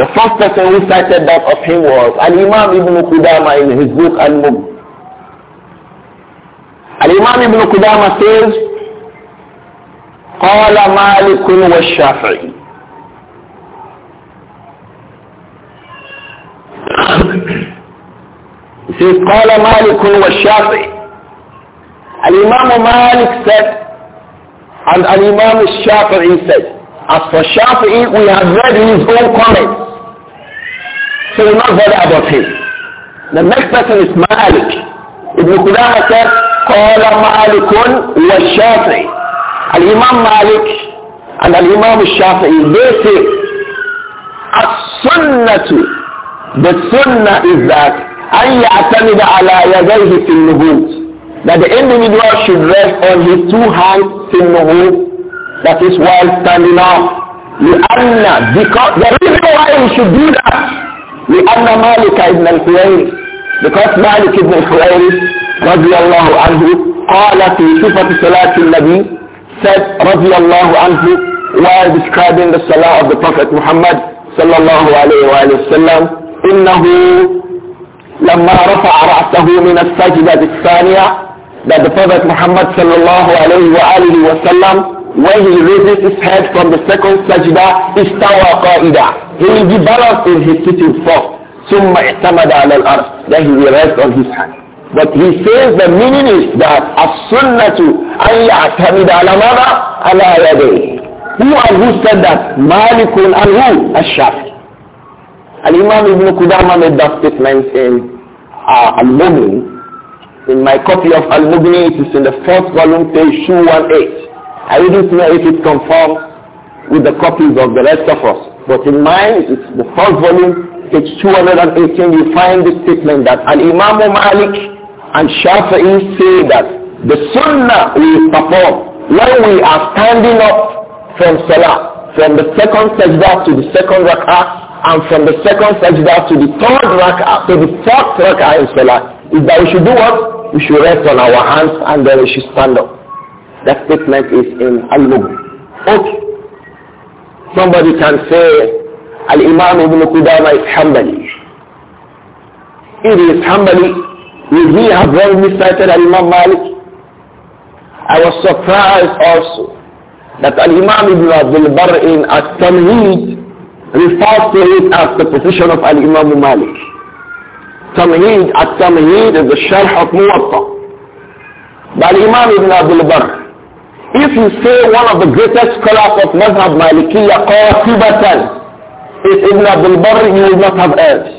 The first person who cited that of him was Al-Imam Ibn Qudama in his book Al-Mub. Al-Imam Ibn Qudama says, قال مالك والشافعي He says, قال مالك والشافعي الإمام مالك said and الإمام الشافعي said As for Shafi'i, we have read his own comments. So we not bother about him. The next person is Malik. Ibn Qudama said, قال مالك والشافعي Imam Malik and Imam الشافعي they say Sunnah. the sunnah is that أن يعتمد على يديه في النبوت that the individual should rest on his two hands في النبوت that is while standing up لأن because the reason why he should do that لأن مالك ابن الحويري because مالك ابن الحويري رضي الله عنه قال في صفة صلاة النبي said رضي الله عنه while describing the salah of the Prophet Muhammad صلى الله عليه وآله وسلم إنه لما رفع رأسه من السجدة الثانية that the Prophet Muhammad صلى الله عليه وآله وسلم when he raises his head from the second sajda, istawa qa'ida. He will be balanced in his sitting first. ثم اعتمد al الأرض. Then he will rest on his hand. But he says the meaning is that as-sunnah أن يعتمد على ماذا؟ على يديه. Who and who said that? Malikun and who? Shafi? Al-Imam Ibn Qudama made that statement in uh, Al-Mughni. In my copy of Al-Mughni, it is in the fourth volume, page 218. I did not know if it conforms with the copies of the rest of us. But in mine, it's the first volume, page 218, you find the statement that Al-Imam Malik and Shafi'i say that the sunnah we perform when we are standing up from salah, from the second sajda to the second rak'ah, and from the second sajda to the third rak'ah, to the fourth rak'ah in salah, is that we should do what? We should rest on our hands and then we should stand up. That statement is in Al-Mughni. Okay. Somebody can say, Al-Imam ibn Qudama is Hanbali. It is he is Hanbali, will he have wrongly cited Al-Imam Malik? I was surprised also that Al-Imam Ibn Abdul Barr in At-Tamheed refers to it as the position of Al-Imam Malik. Tamheed, At-Tamheed is the Sharh of Muwatta. But al Imam Ibn Abdul Barr, if you say one of the greatest scholars of Madhab Malikiya, if is Ibn Abdul Barr, you will not have erred.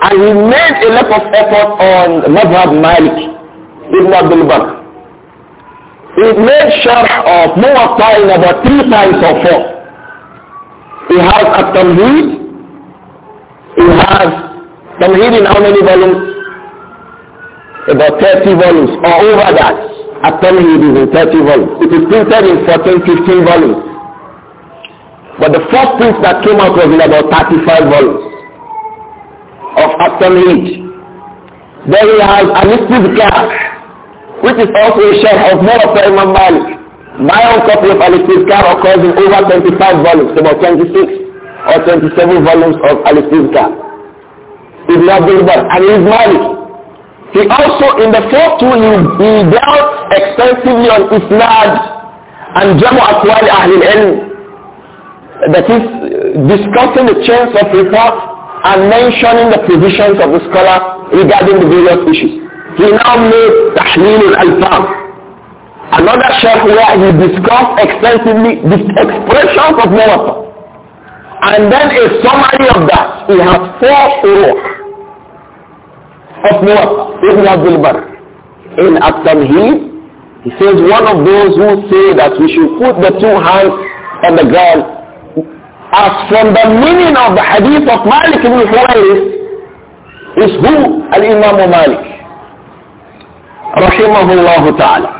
And he made a lot of effort on Madhab Malik, Ibn Abdul Barr. He made sure of Muwatta in about three times or four. He has a Tamheed. He has Tamheed in how many volumes? About 30 volumes or over that. I'm telling you it is in 30 volumes. It is printed in 14, 15 volumes. But the first print that came out was in about 35 volumes of At-Tamhid. Then he has Al-Istizkar, which is also a share of Muwatta Imam Malik. My own copy of Al-Istizkar occurs in over 25 volumes, about 26 or 27 volumes of al It's Ibn Abdul Bar, and he's Malik. He also, in the fourth two, he, he dealt extensively on Islam and Jamu Aqwal al-Hilal, Ilm. That is, discussing the chains of report and mentioning the positions of the scholar regarding the various issues. He now made Tahleel al-Alfam. Another sheikh where he discussed extensively the expressions of Muwatta. And then a summary of that. He has four uruh of Muwatta. Ibn Abdul in At-Tamheed, he says one of those who say that we should put the two hands on the ground as from the meaning of the hadith of Malik ibn Huwairis is who? Al-Imam Malik. Rahimahullah ta'ala.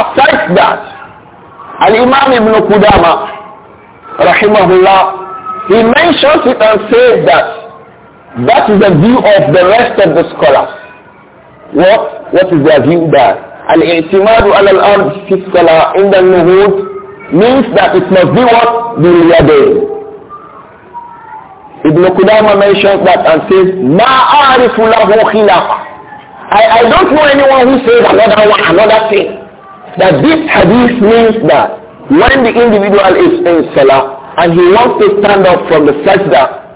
Aside that, Al-Imam ibn Qudama, Rahimahullah, he mentions it and says that that is the view of the rest of the scholars. What, what is their view there? الاعتماد على الأرض في الصلاة عند النهوض means that it must be what? باليدين. Ibn Qudama mentions that and says, ما أعرف له خلافة. I, I don't know anyone who says another one, another thing. That this hadith means that when the individual is in Salah and he wants to stand up from the sajda,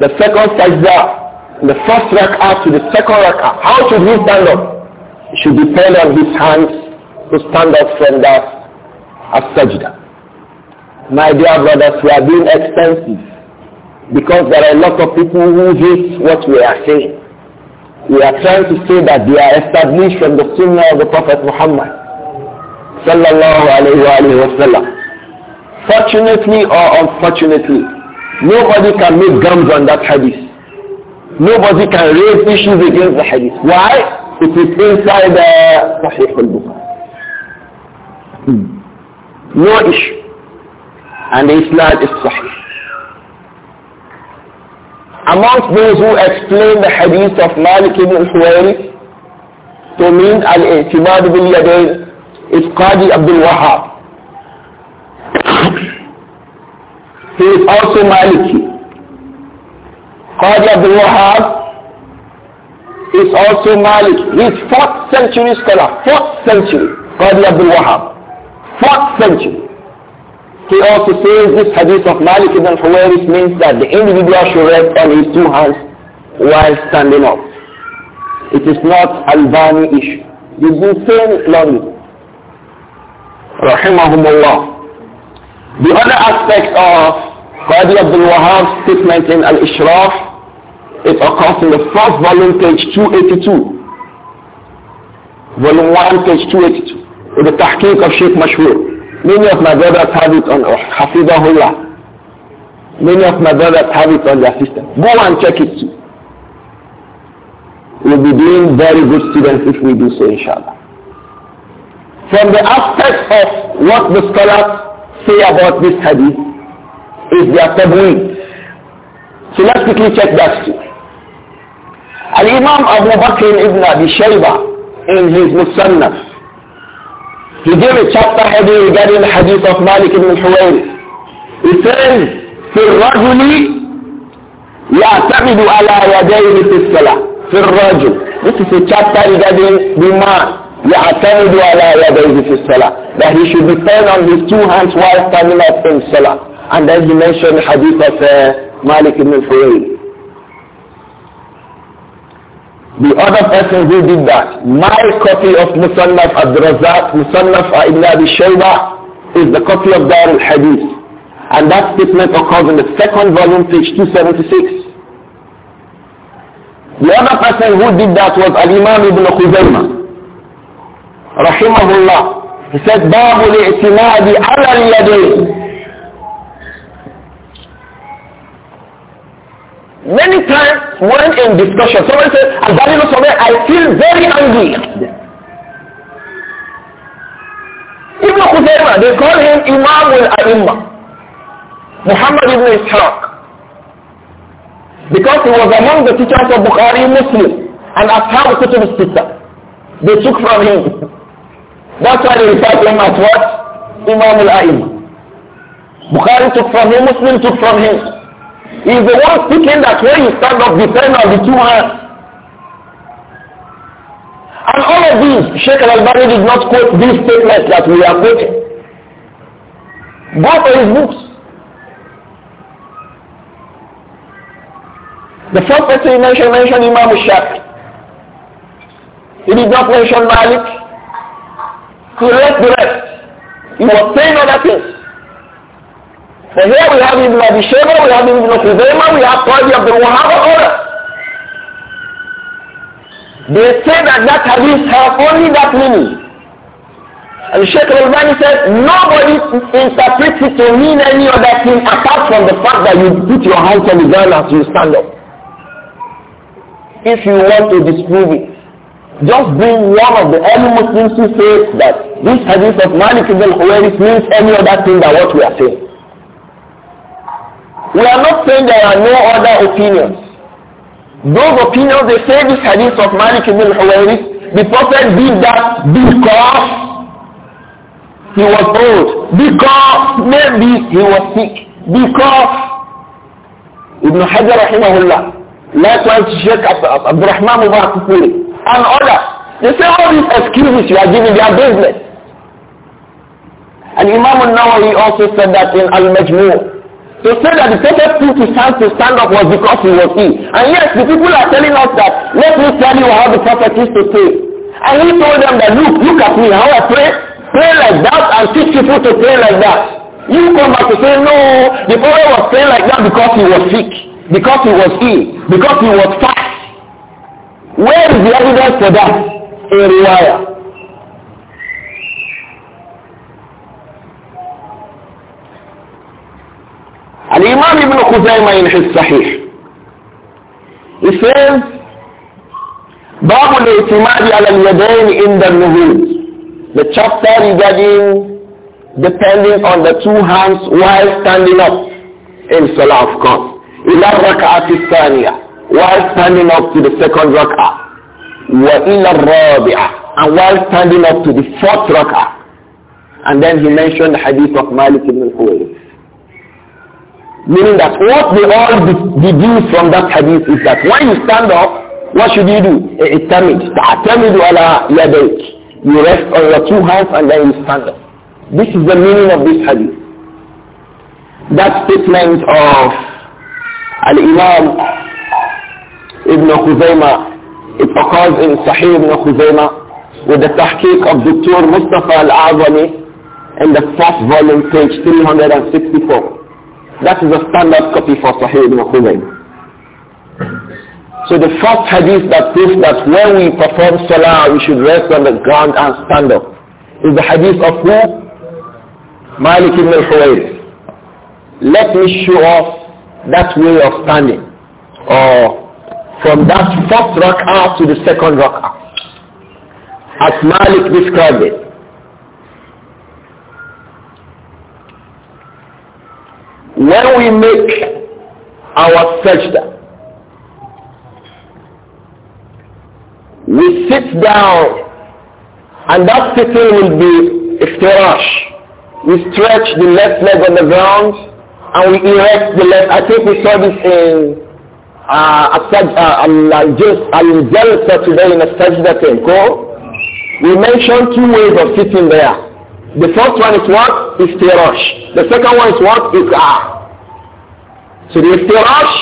the second sajda, the first rak'ah to the second rak'ah, how should he stand up? It should depend on his hands to stand up from that as-sajda. My dear brothers, we are being expensive because there are a lot of people who hate what we are saying. We are trying to say that they are established from the sunnah of the Prophet Muhammad sallallahu alayhi wa Fortunately or unfortunately, Nobody can make gums on that hadith. Nobody can raise issues against the hadith. Why? It is inside the Sahih al-Bukhari. Hmm. No issue. And Islam is Sahih. Amongst those who explain the hadith of Malik ibn Huwairi to mean al-i'tibad bil-yadayn is Qadi Abdul Wahab. He is also Maliki. Qadi Abdul Wahab is also Malik. He's 4th century scholar, 4th century. Qadi Abdul Wahab, 4th century. He also says this hadith of Malik ibn Huwairis means that the individual should rest on his two hands while standing up. It is not Albani issue. The same learning. Rahimahumullah. The other aspect of Qadi Abdul Wahab's statement in Al-Ishraf, it occurs in the first volume, page 282. Volume 1, page 282. With the tahqiq of Sheikh Mashhur. Many of my brothers have it on oh, Hafizahullah. Many of my brothers have it on their system. Go and check it too. We'll be doing very good students if we do so, inshallah from the aspect of what the scholars say about this hadith, is their tabweed. So let's quickly check that too. Al-Imam Abu Bakr ibn Abi Shayba in his Musannaf, he gave a chapter heading regarding the hadith of Malik ibn Huwayris. He says, في الرجل يعتمد على يديه في الصلاة في الرجل This is a chapter regarding the man يعتمد على يديه في الصلاة That he should depend on his two hands while standing up in salah and then he mentioned hadith of uh, Malik ibn Furay. The other person who did that, my copy of Musannaf al-Razak, Musannaf ibn Abi Shayba, is the copy of Dar hadith And that statement occurs in the second volume, page 276. The other person who did that was Al-Imam ibn Khuzaymah. Rahimahullah. He said, باب الاعتماد على اليدين Many times when in discussion, someone says, Albani looks away, I feel very angry. Ibn Khuzaymah, they call him Imam al-A'imma, Muhammad ibn Ishaq, because he was among the teachers of Bukhari Muslim and Ashab Kutub Sita. They took from him. That's why they refer to him as what? Imam al-A'imma. Bukhari took from him, Muslim took from him. is the one speaking that when you stand up, depend on the two hands. And all of these, Sheikh al-Albani did not quote these statements that we are quoting. Go are his books. The first person he mentioned, mentioned Imam Shafi. He did not mention Malik. He left the rest. He was saying other things. But here we have Ibn Abi Sheba, we have Ibn Khuzaymah, we have Qadi Abdul Wahab and They say that that hadith has only that meaning. And Sheikh Al-Bani said, nobody interprets it to mean any other thing apart from the fact that you put your hands on the ground as you stand up. If you want to disprove it, just bring one of the early Muslims who say that this hadith of Malik ibn Huwairis means any other thing than what we are saying. We are not saying there are no other opinions. Those opinions, they say this hadith of Malik ibn Huwairis, the Prophet did that because he was old, because maybe he was sick, because Ibn Hajar rahimahullah, likewise Sheikh Abdurrahman Mubarak Kufuri, and others, they say all these excuses you are giving, they are business. And Imam al-Nawawi also said that in Al-Majmu' to say that the safest thing to stand to stand up was because he was ill. And yes, the people are telling us that, let me tell you how the prophet used to pray. And he told them that, look, look at me, how I pray. Pray like that and teach people to pray like that. You come back to say, no, the prophet was praying like that because he was sick, because he was ill, because he was fat. Where is the evidence for that? In Riwayah. Al-Imam Ibn Khuzaymah in his Sahih, he says, باب الاعتماد على اليدين عند النهوض the chapter regarding depending on the two hands while standing up in Salah of course. إلى الركعة الثانية while standing up to the second rak'ah وإلى and while standing up to the fourth rak'ah and then he mentioned the hadith of Malik ibn al Meaning that what they all deduce from that hadith is that when you stand up, what should you do? I'tamid. Ta'tamidu ala yadayk. You rest on your two hands and then you stand up. This is the meaning of this hadith. That statement of Al-Imam Ibn Khuzaymah, it occurs in Sahih Ibn Khuzaymah with the tahqiq of Dr. Mustafa Al-Azami in the first volume, page 364. That is a standard copy for Sahih ibn Khuzayn. So the first hadith that proves that when we perform salah, we should rest on the ground and stand up is the hadith of who? Malik ibn al Let me show off that way of standing. Or uh, from that first rak'ah to the second rak'ah. As Malik described it. when we make our sajda we sit down and that sitting will be iftirash we stretch the left leg on the ground and we erect the left I think we saw this in uh, uh, al-jalsa today in a sajda ko we mentioned two ways of sitting there the first one is what? Istirash. The second one is what? ah. So the istirash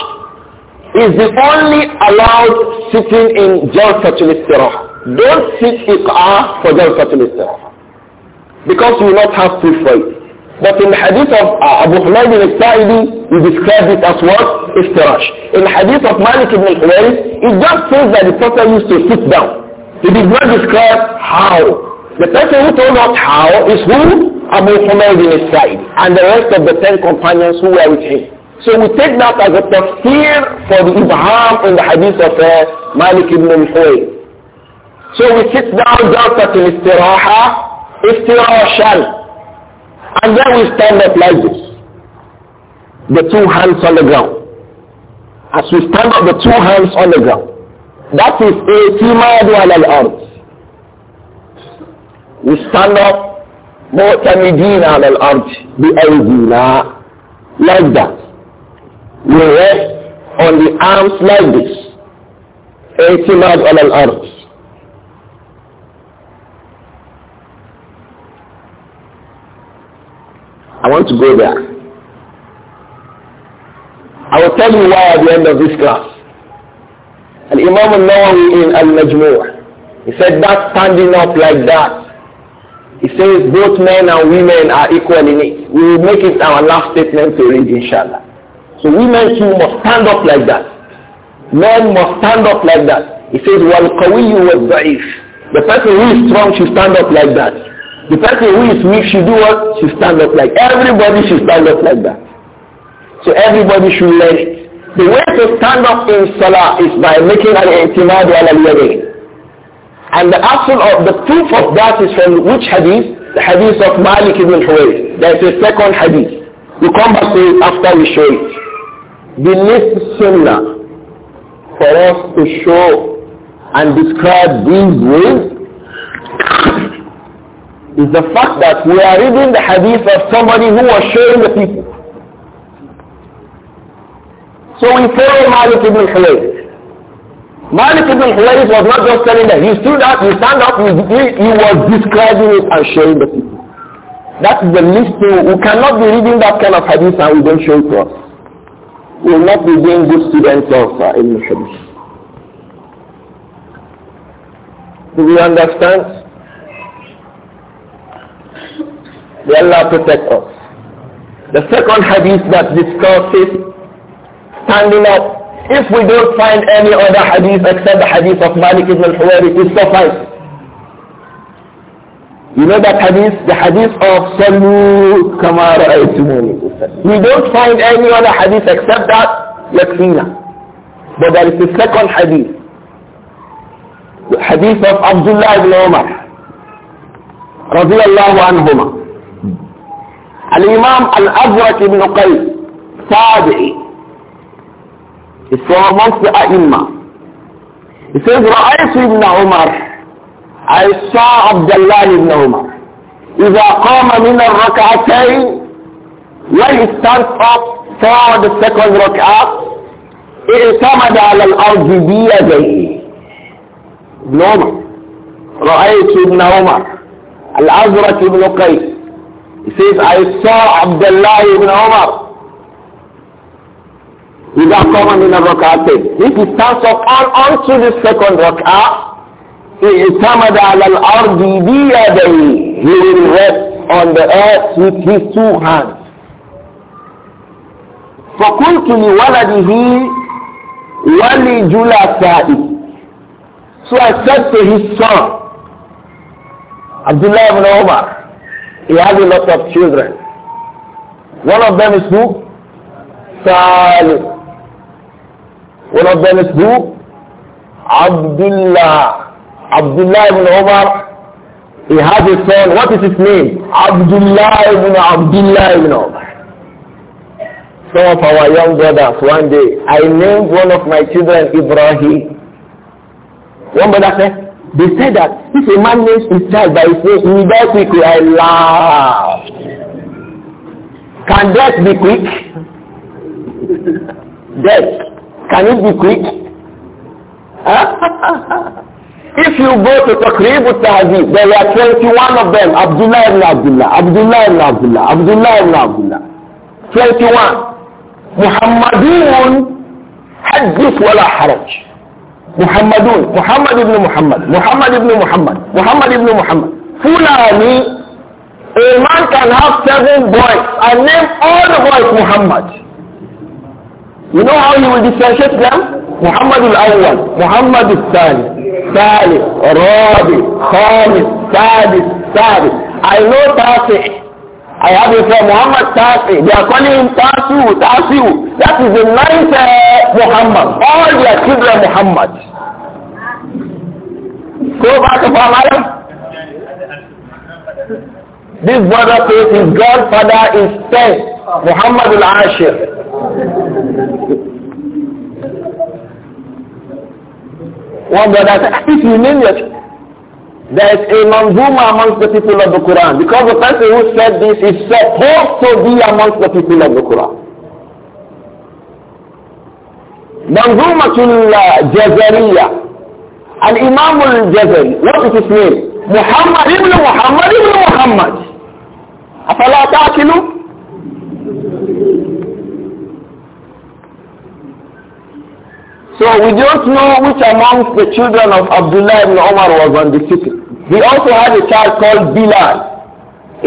is the only allowed sitting in Jalsatul Istirah. Don't sit ah for Jalsatul Istirah. Because you will not have proof But in the hadith of uh, Abu Hamid al-Sa'idi, he described it as what? Istirash. In the hadith of Malik ibn al it just says that the Prophet used to sit down. He did not describe how. The person who told us how is who? Abu Humayd bin Sa'id and the rest of the ten companions who were with him. So we take that as a tafsir for the Ibrahim in the hadith of uh, Malik ibn al So we sit down Jalsat al-Istiraha, Istirashan. And then we stand up like this. The two hands on the ground. As we stand up, the two hands on the ground. That is a timadu al-ard. We stand up, the earth, the بأيدينا uh, like that. We rest on the arms like this. on the earth. I want to go there. I will tell you why at the end of this class. And imam al-Nawawi in Al-Majmu' he said that standing up like that he says both men and women are equal in it. We will make it our last statement to read, inshallah. So women too must stand up like that. Men must stand up like that. He says, وَالْقَوِيُّ وَالْضَعِيفُ The person who is strong should stand up like that. The person who is weak should do what? Should stand up like Everybody should stand up like that. So everybody should learn it. The way to stand up in Salah is by making an and al-yadayn. And the actual of uh, the proof of that is from which hadith? The hadith of Malik ibn Huwayd. There is a second hadith. We come back to it after we show it. The next sunnah for us to show and describe these ways is the fact that we are reading the hadith of somebody who was showing the people. So we follow Malik ibn Huwayd. Malik ibn Huwais was not just telling them. You stood up, you stand up, you, He was describing it and showing the people. That is the least thing. We cannot be reading that kind of hadith and we don't show it to us. We will not be being good students of uh, Ibn Hadith. Do we understand? May Allah protect us. The second hadith that discusses standing up If we don't find any other hadith except the hadith of Malik ibn al-Huwari, it suffice. You know that hadith? The hadith of Sallu Aytumuni. We don't find any other hadith except that Yaqfina. But there is a second hadith. The hadith of Abdullah ibn Umar. رضي الله عنهما الإمام الأزرق بن قيس تابعي It's from amongst the ai He says, Ra'aytu ibn Umar. I saw Abdullah ibn Umar. إِذَا قَامَ مِنَ الرَّكَعَتَيْنِ When he stands up for the second rak'ah, اعتمد على الأرض بيديه. ابن عمر. رأيت ابن عمر. الأزرق ابن قيس. He says, I saw Abdullah ibn Umar. إذا قام من الركعتين if he stands up on onto the second rak'ah اعتمد على الأرض بيديه he will rest on the earth with his two hands فقلت لولده ولجلسائه So I said to his son, Abdullah ibn Omar, he had a lot of children. One of them is who? Salih. One of them is who? Abdullah. Abdullah ibn Omar. He has a son. What is his name? Abdullah ibn Abdullah ibn Omar. Some of our young brothers, one day, I named one of my children Ibrahim. One brother said, they said that if a man names his child by his name, he die quickly. I laugh. Can death be quick? death Can it be quick? if you go to Taqrib al there were 21 of them. Abdullah ibn Abdullah, Abdullah ibn Abdullah, Abdullah ibn Abdullah. 21. Muhammadun hadith ولا حرج Muhammadun, Muhammad ibn Muhammad, Muhammad ibn Muhammad, Muhammad ibn Muhammad. Fulani, a man can have seven boys and name all the boys Muhammad You know how you will differentiate them? Muhammad al-Awwal, Muhammad al الثاني ثالث Rabi, خامس سادس سابع I know Tasi I have a friend Muhammad Tasi they are calling him Tasiu Tasiu that is the ninth uh, Muhammad all their children Muhammad go back to life. this brother says his godfather is 10 Muhammad al-Ashir one brother said, if you name your there is a manzuma amongst the people of the Quran because the person who said this is supposed to be amongst the people of the Quran. Manzumatul Jazariya. Al-Imam al-Jazari. What is his name? Muhammad ibn Muhammad ibn Muhammad. أفلا تعقلوا So we don't know which amongst the children of Abdullah ibn Omar was on the city. He also had a child called Bilal.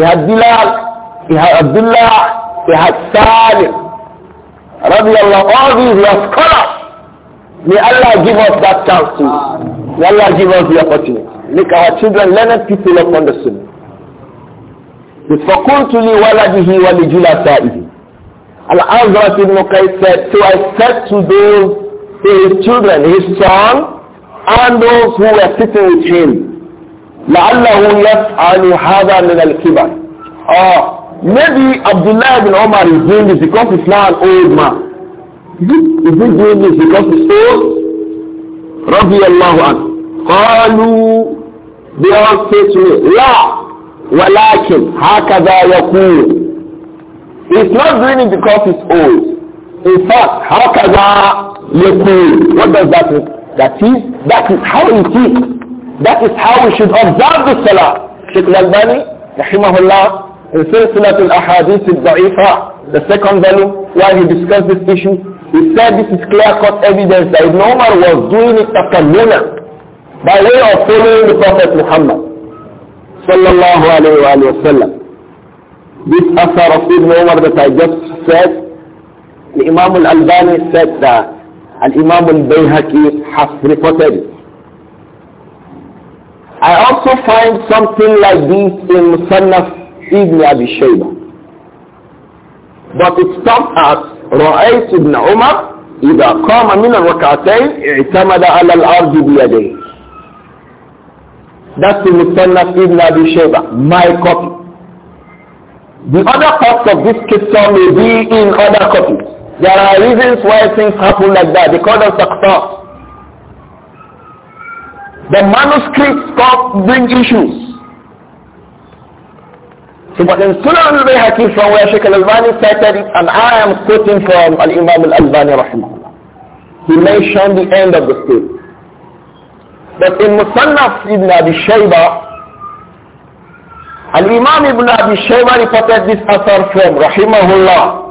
He had Bilal, he had Abdullah, he had Salim. Radiallahu, all these were scholars. May Allah give us that chance too. May Allah give us the opportunity. Make our children learned people upon the sunnah. فقلت لولده ولجلسائه العذرة بن قيس said so I said to those his children, his son, and those who were sitting with him. لعله يفعل هذا من الكبر. Uh, maybe Abdullah ibn Omar is doing this because he's not an old man. Is he, is he doing this because he's old? رضي الله عنه. قالوا they all say to me, لا ولكن هكذا يقول. He's not doing it because he's old. In fact, هكذا what does that mean? That is, that is how it is. That is how we should observe the Salah. Sheikh Al-Bani, rahimahullah, in Silsilat al-Ahadith al-Da'ifa, the second volume, where he discussed this issue, he said this is clear-cut evidence that Ibn Umar was doing it takammunan, by way of following the Prophet Muhammad, sallallahu alayhi wa sallam. This Asar of Ibn Umar that I just said, the Imam al-Albani said that and Imam al-Bayhaqi has reported it. I also find something like this in Musannaf Ibn Abi Shayba. But it stopped at رأيت ابن عمر إذا قام من الركعتين اعتمد على الأرض بيديه. That's in Musannaf Ibn Abi Shayba, my copy. The other parts of this kisah may be in other copies. There are reasons why things happen like that. because of them The manuscripts stop bring issues. So but in Sunan al-Bayhaqi from where Sheikh al-Albani cited it, and I am quoting from al-Imam al-Albani rahimahullah. He mentioned the end of the state. But in Musannaf ibn Abi Shayba, al-Imam ibn Abi Shayba reported this asar from rahimahullah.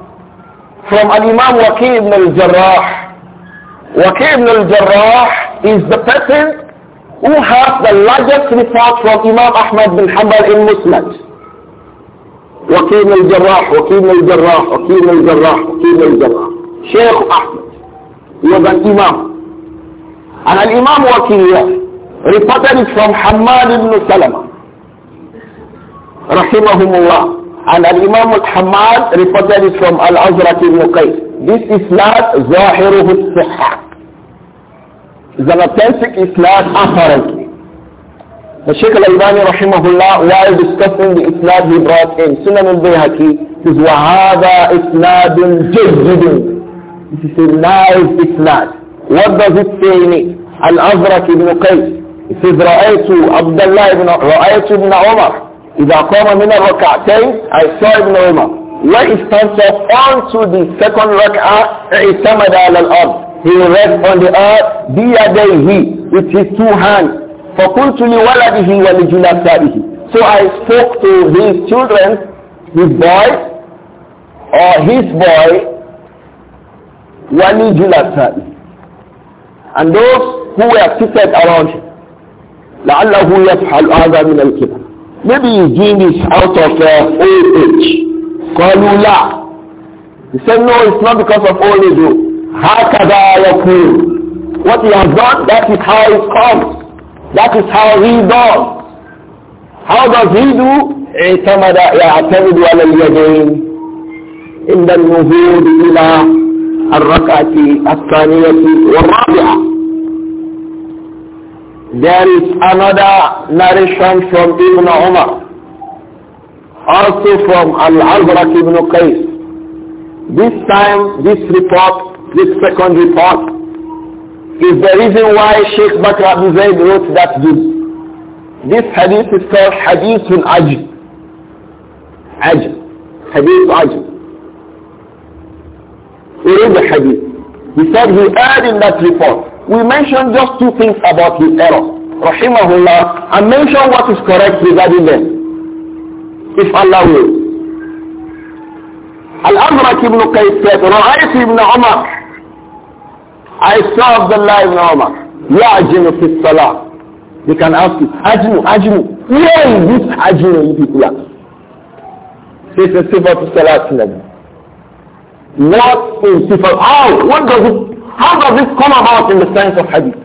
from Al-Imam Waqi ibn al-Jarrah. Waqi ibn al-Jarrah is the person who has the largest report from Imam Ahmad bin Hanbal in Musnad. Waqi ibn al-Jarrah, Waqi ibn al-Jarrah, Waqi ibn al-Jarrah, Waqi ibn al-Jarrah. Sheikh Ahmad. He was an Imam. And Al-Imam Waqi reported it from Hamad ibn Salama. Rahimahumullah. And Al-Imam al-Hammad reported it from Al-Azraq ibn Qais. This is Zahiruhu al-Sihha. The an authentic not apparently. The Sheikh Ibani, rahimahullah, while discussing the isnad he brought in, Sunan al-Bayhaqi, says, وَهَذَا إِسْنَادٌ جَيِّدٌ This is a nice isnad. What does it say in it? Al-Azraq ibn Qais. It says, رَأَيْتُ عَبْدَ اللَّهِ ibn, bin ibn إذا قام من الركعتين I saw Ibn Umar when he stands up onto the second rak'ah اعتمد على الأرض he will rest on the earth بيديه with his two hands فقلت لولده ولجلسائه so I spoke to his children his boy or his boy ولجلسائه and those who were seated around him لعله يفعل هذا من الكبر Maybe he's doing this out of uh, old age. Kalula. He said, no, it's not because of old age. Hakada yakun. What he has done, that is how it comes. That is how he does. How does he do? اعتمد يعتمد على اليدين عند النهوض إلى الركعة الثانية والرابعة there is another narration from Ibn Umar, also from Al-Azraq Ibn Qais. This time, this report, this second report, is the reason why Sheikh Bakr Abu Zayd wrote that book. This hadith is called Hadith al-Ajj. Ajj. Hadith al-Ajj. He wrote the hadith. He said he heard in that report we mentioned just two things about the error. Rahimahullah, and mention what is correct regarding them. If Allah will. الأمرك ابن قيس said رأيت ابن عمر I saw Abdullah ibn Umar يعجن في الصلاة They can ask you أجنو أجنو Where is this أجنو you people are? This is صفة الصلاة النبي What is صفة? How? What does it how does this come about in the science of hadith?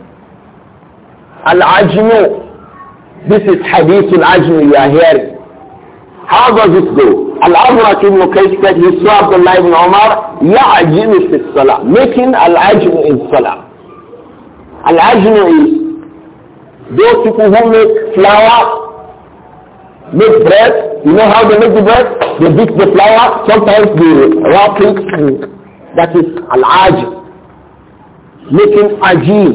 Al-Ajmu. This is hadith al-Ajmu you are hearing. How does it go? Al-Azraq ibn Qais said, he saw Abdullah ibn Umar, يَعْجِمُ فِي Salah, Making al-Ajmu in salah. Al-Ajmu is those people who make flour, make bread, you know how they make the bread? They beat the flour, sometimes they wrap it. That is al-ajib making ajil.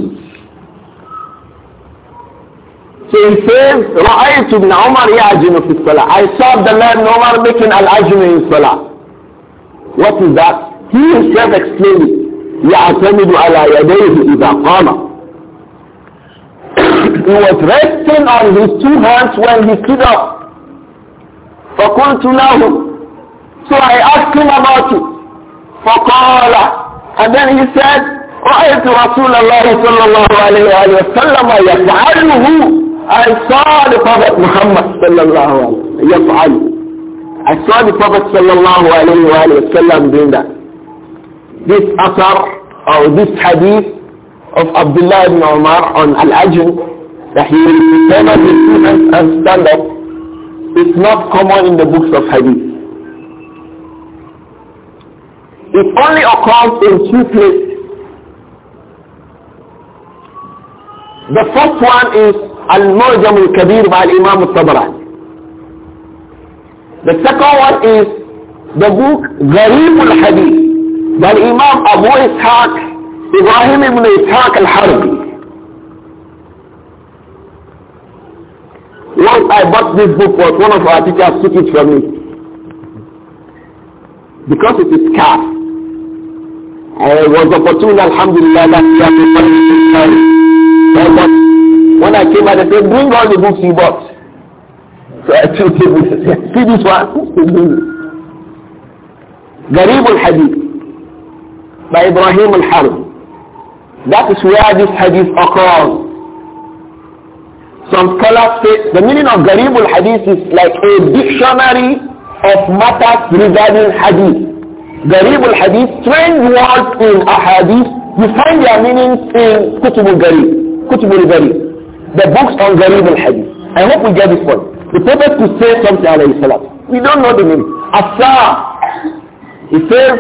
So he says, رَأَيْتُ ابْنَ عُمَرْ يَعْجِنُ فِي الصَّلَاةِ I saw the man Umar making al-ajin in salah. What is that? He himself explained it. يَعْتَمِدُ عَلَى يَدَيْهِ إِذَا قَامَ He was resting on his two hands when he stood up. فَقُلْتُ لَهُ So I asked him about it. فَقَالَ And then he said, رأيت رسول الله صلى الله عليه وآله وسلم يفعله I saw the Prophet Muhammad صلى الله عليه وسلم يفعل I saw صلى الله عليه وآله وسلم doing that This asar or this hadith of Abdullah ibn Umar on Al-Ajm that he will stand on his students and stand up is not common in the books of hadith. It only occurs in two places The first one is Al-Mu'jam al-Kabir by Imam al-Tabarani. The second one is the book Gharib al-Hadith by Imam Abu Ishaq Ibrahim ibn Ishaq al-Harbi. Once I bought this book was one of our teachers took it from me. Because it is scarce. I was opportune, alhamdulillah, that we have when I came out, they said, bring all the books you bought. So I took the books. See this one? Garib al-Hadith by Ibrahim al-Harb. That is where this hadith occurs. Some scholars say the meaning of Garib al-Hadith is like a dictionary of matters regarding hadith. Garib al-Hadith, strange words in a hadith, you find their meanings in Kutub al-Garib. Kutubul Gharib. The books on Gharib al-Hadith. I hope we get this point. The Prophet could say something, alayhi salatu. We don't know the meaning. Asa. He says,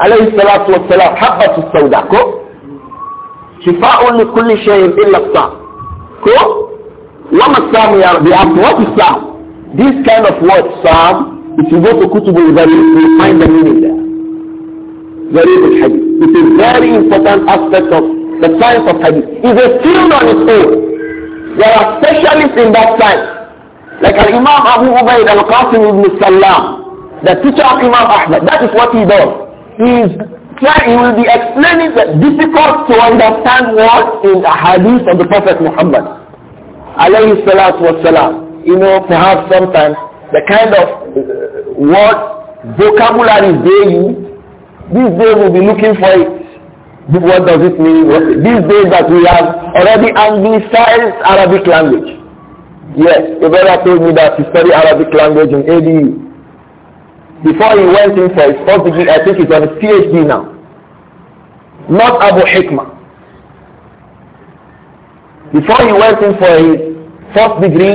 alayhi salatu wa salam, habbatu sawdako. Shifa'un li kulli shayin illa sa. Ko? Lama sam ya Rabbi Abdu, what is sam? This kind of word, sam, if you go to Kutubul Gharib, you find the meaning there. Gharib al-Hadith. It's a very important aspect of the science of hadith, is a field on its own. There are specialists in that science. Like Imam Abu Ubaid al-Qasim ibn Salam, the teacher of Imam Ahmad, that is what he does. He is trying, he will be explaining that difficult to understand what in the hadith of the Prophet Muhammad. Alayhi salatu wasalam. You know, perhaps sometimes the kind of uh, word vocabulary they use, these days will be looking for it. What does it mean? these days that we have already anglicized Arabic language. Yes, a brother told me that he studied Arabic language in ADU. Before he went in for his first degree, I think he's on a PhD now. Not Abu Hikmah. Before he went in for his first degree,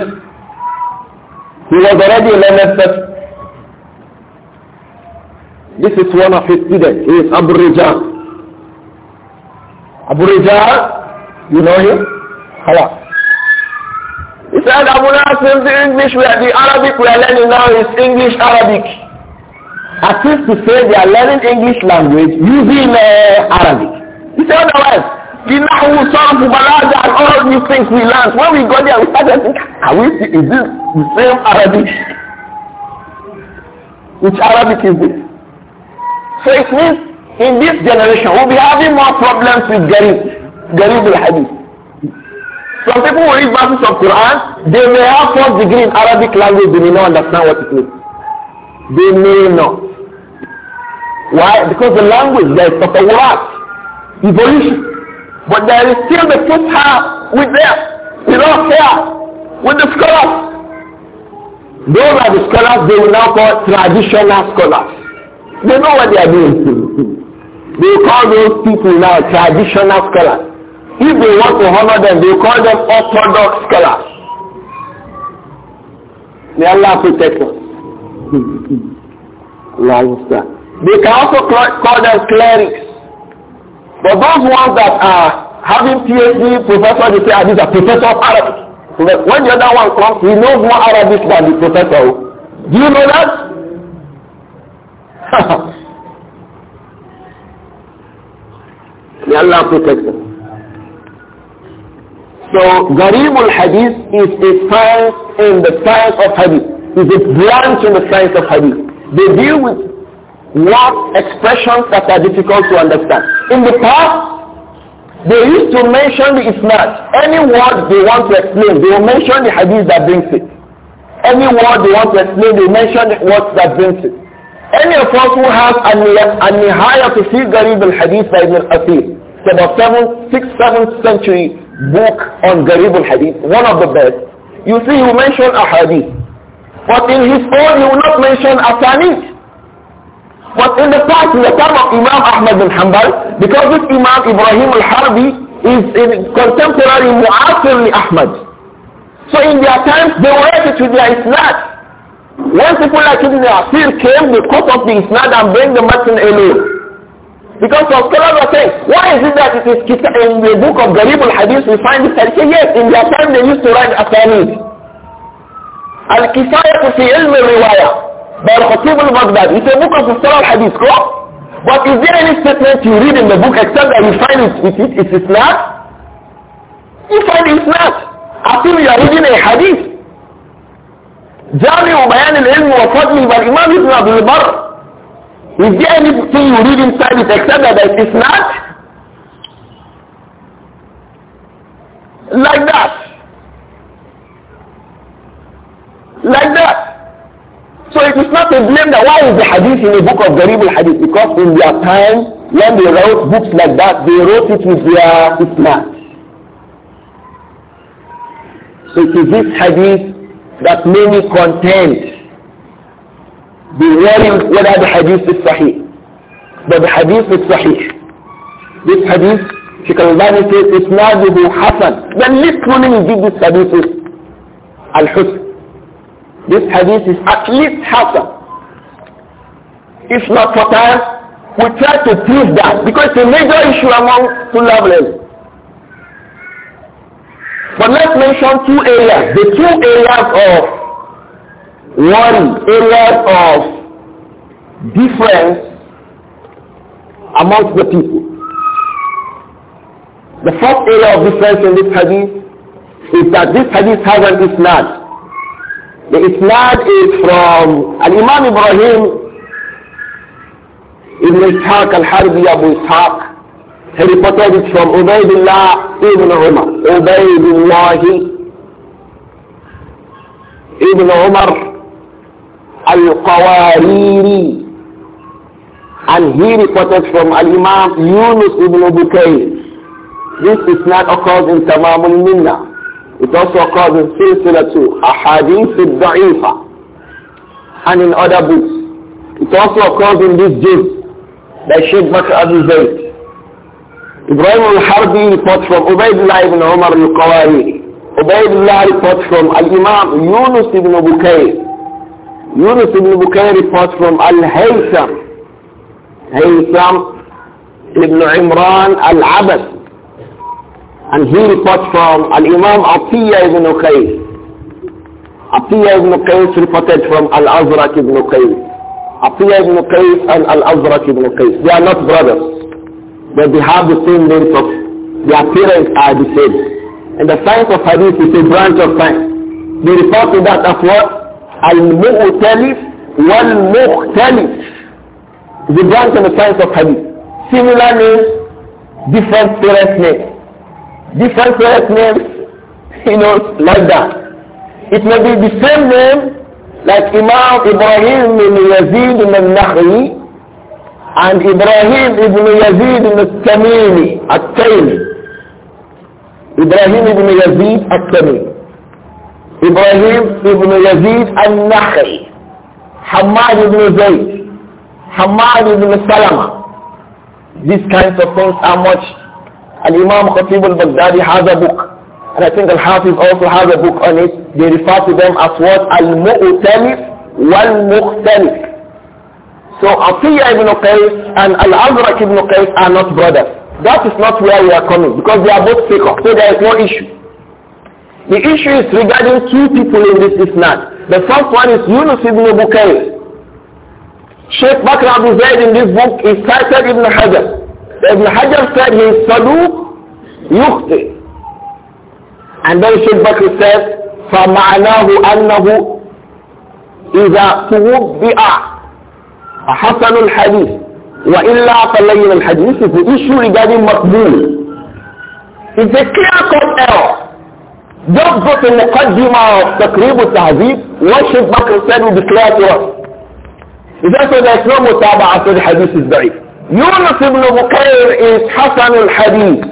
he was already a learned person. This is one of his students. He is Abu Rijal. Abu Rijal, you know him? Hala. He said Abu Nasim, the English we the Arabic we are learning now is English Arabic. As if to say they are learning English language using uh, Arabic. He said otherwise, the Nahu, Sarfu, Balaga and all these things we learn. When we go there, we start to think, are we, is this the same Arabic? Which Arabic is this? So it means in this generation we'll be having more problems with Garib, Garib al-Hadith. Some people who read verses of Quran, they may have first degree in Arabic language, they may not understand what it means. They may not. Why? Because the language, there is tatawurat, evolution. But there is still the fuqha with them, with us here, with the scholars. Those are the scholars they will now call traditional scholars. They know what they are doing they call those people now traditional scholars. If they want to honor them, they call them orthodox scholars. May Allah protect us. Allah They can also call them clerics. But those ones that are having PhD professors, they say, are ah, these are professor of Arabic. when the other one comes, he knows more Arabic than the professor. Do you know that? May Allah protect them. So, Gharib al-Hadith is a science in the science of Hadith. Is a branch in the science of Hadith. They deal with what expressions that are difficult to understand. In the past, they used to mention the Not Any word they want to explain, they will mention the Hadith that brings it. Any word they want to explain, they mention the that brings it. Any of us who has an nihaya to see Gharib al-Hadith by Ibn al-Asir, it's about 7th, 6th, 7th century book on Garib al-Hadith, one of the best. You see, he mentioned a hadith. But in his own, he will not mention a hadith. But in the past, in the time of Imam Ahmad bin Hanbal, because this Imam Ibrahim al-Harbi is contemporary Mu'asir Ahmad. So in their times, they were it with their Islam. When people like Ibn Asir came, they cut off the Islam and bring the Matan alone. Because of Kalaba saying, why is it that it is in the book of Garib al-Hadith we find this hadith? Yes, in their time they used to write Asanid. Al-Kifayat fi ilm al-Riwayah by Al-Khatib al-Baghdad. It's a book of Salah al-Hadith, correct? But is there any statement you read in the book except that you find it, it, it, it's not? You find it's not. Assume you are reading a hadith. جامع بيان العلم وفضله والإمام ابن عبد البر Is there anything you read inside it except that it is not? Like that. Like that. So it is not a blame that why is the hadith in the book of the al-Hadith? Because in their time, when they wrote books like that, they wrote it with their Islam. So it is this hadith that many contend be worrying whether the hadith is sahih. But the hadith is sahih. This hadith, Sheikh Al-Albani says, is not Isnaduhu Hasan. Then least one indeed this hadith is Al-Husn. This hadith is at least Hasan. If not for we try to prove that because it's a major issue among two levels. But let's mention two areas, the two areas of one area of difference amongst the people. The fourth area of difference in this hadith is that this hadith has an isnad. The isnad is from Al-Imam Ibrahim Ibn Ishaq Al-Harbi Abu Ishaq. He reported it from Ubaidullah Ibn Umar. Ubaidullah Ibn Umar Al-Qawariri. And he reported from Al-Imam Yunus ibn Bukay. This is not occurs in Tamam al-Minna. It also occurs in Silsila too, Ahadith al-Da'ifa. And in other books. It also occurs in this juz by Sheikh Bakr Abu Zayd. Ibrahim al-Harbi reports from Ubaidullah ibn Umar al-Qawariri. Ubaidullah reports from Al-Imam Yunus ibn Bukay. Yunus ibn Bukhari reports from Al-Haytham. Haytham ibn Imran Al-Abad. And he reports from Al-Imam Atiyah ibn Qais. Atiyah ibn Qais reported from Al-Azraq ibn Qais. Atiyah ibn Qais and Al-Azraq ibn Qais. They are not brothers. But they have the same name of their parents are the same. And the science of hadith is a branch of science. They refer to that as what? Al-Mu'talif wal-Mukhtalif. The branch and the science of hadith. Similar names, different parent names. Different parent names, you know, like that. It may be the same name, like Imam Ibrahim ibn Yazid ibn al-Nahri and Ibrahim ibn Yazid ibn al-Tamimi, al-Taymi. Ibrahim ibn Yazid al-Tamimi. Ibrahim ibn Yazid al-Nakhri, Hamad ibn Zayd, Hamad ibn Salama. These kinds of things are much. Al-Imam Khatib al-Baghdadi has a book, and I think Al-Hafiz also has a book on it. They refer to them as what? Al-Mu'talif wal-Mukhtalif. So Atiyah ibn Qais and Al-Azraq ibn Qais are not brothers. That is not where we are coming because they are both fakers. So there is no issue. The issue is regarding two people in this Islam. The first one is Yunus ibn Bukayr. Sheikh Bakr Abu Zaid in this book is cited Ibn Hajar. Ibn Hajar said he is Saduq Yukhti. And then Sheikh Bakr says, فَمَعْنَاهُ أَنَّهُ إِذَا تُوُبِّئَ حَسَنُ الْحَدِيثِ وَإِلَّا فَلَيْنَ الْحَدِيثِ is the issue regarding Maqbul. It's a clear-cut error. ضبط المقدمة والتقريب والتهذيب والشيخ بكر الثاني بكلاة رأس إذا الإسلام متابعة الحديث الضعيف يونس بن بكير إذ حسن الحديث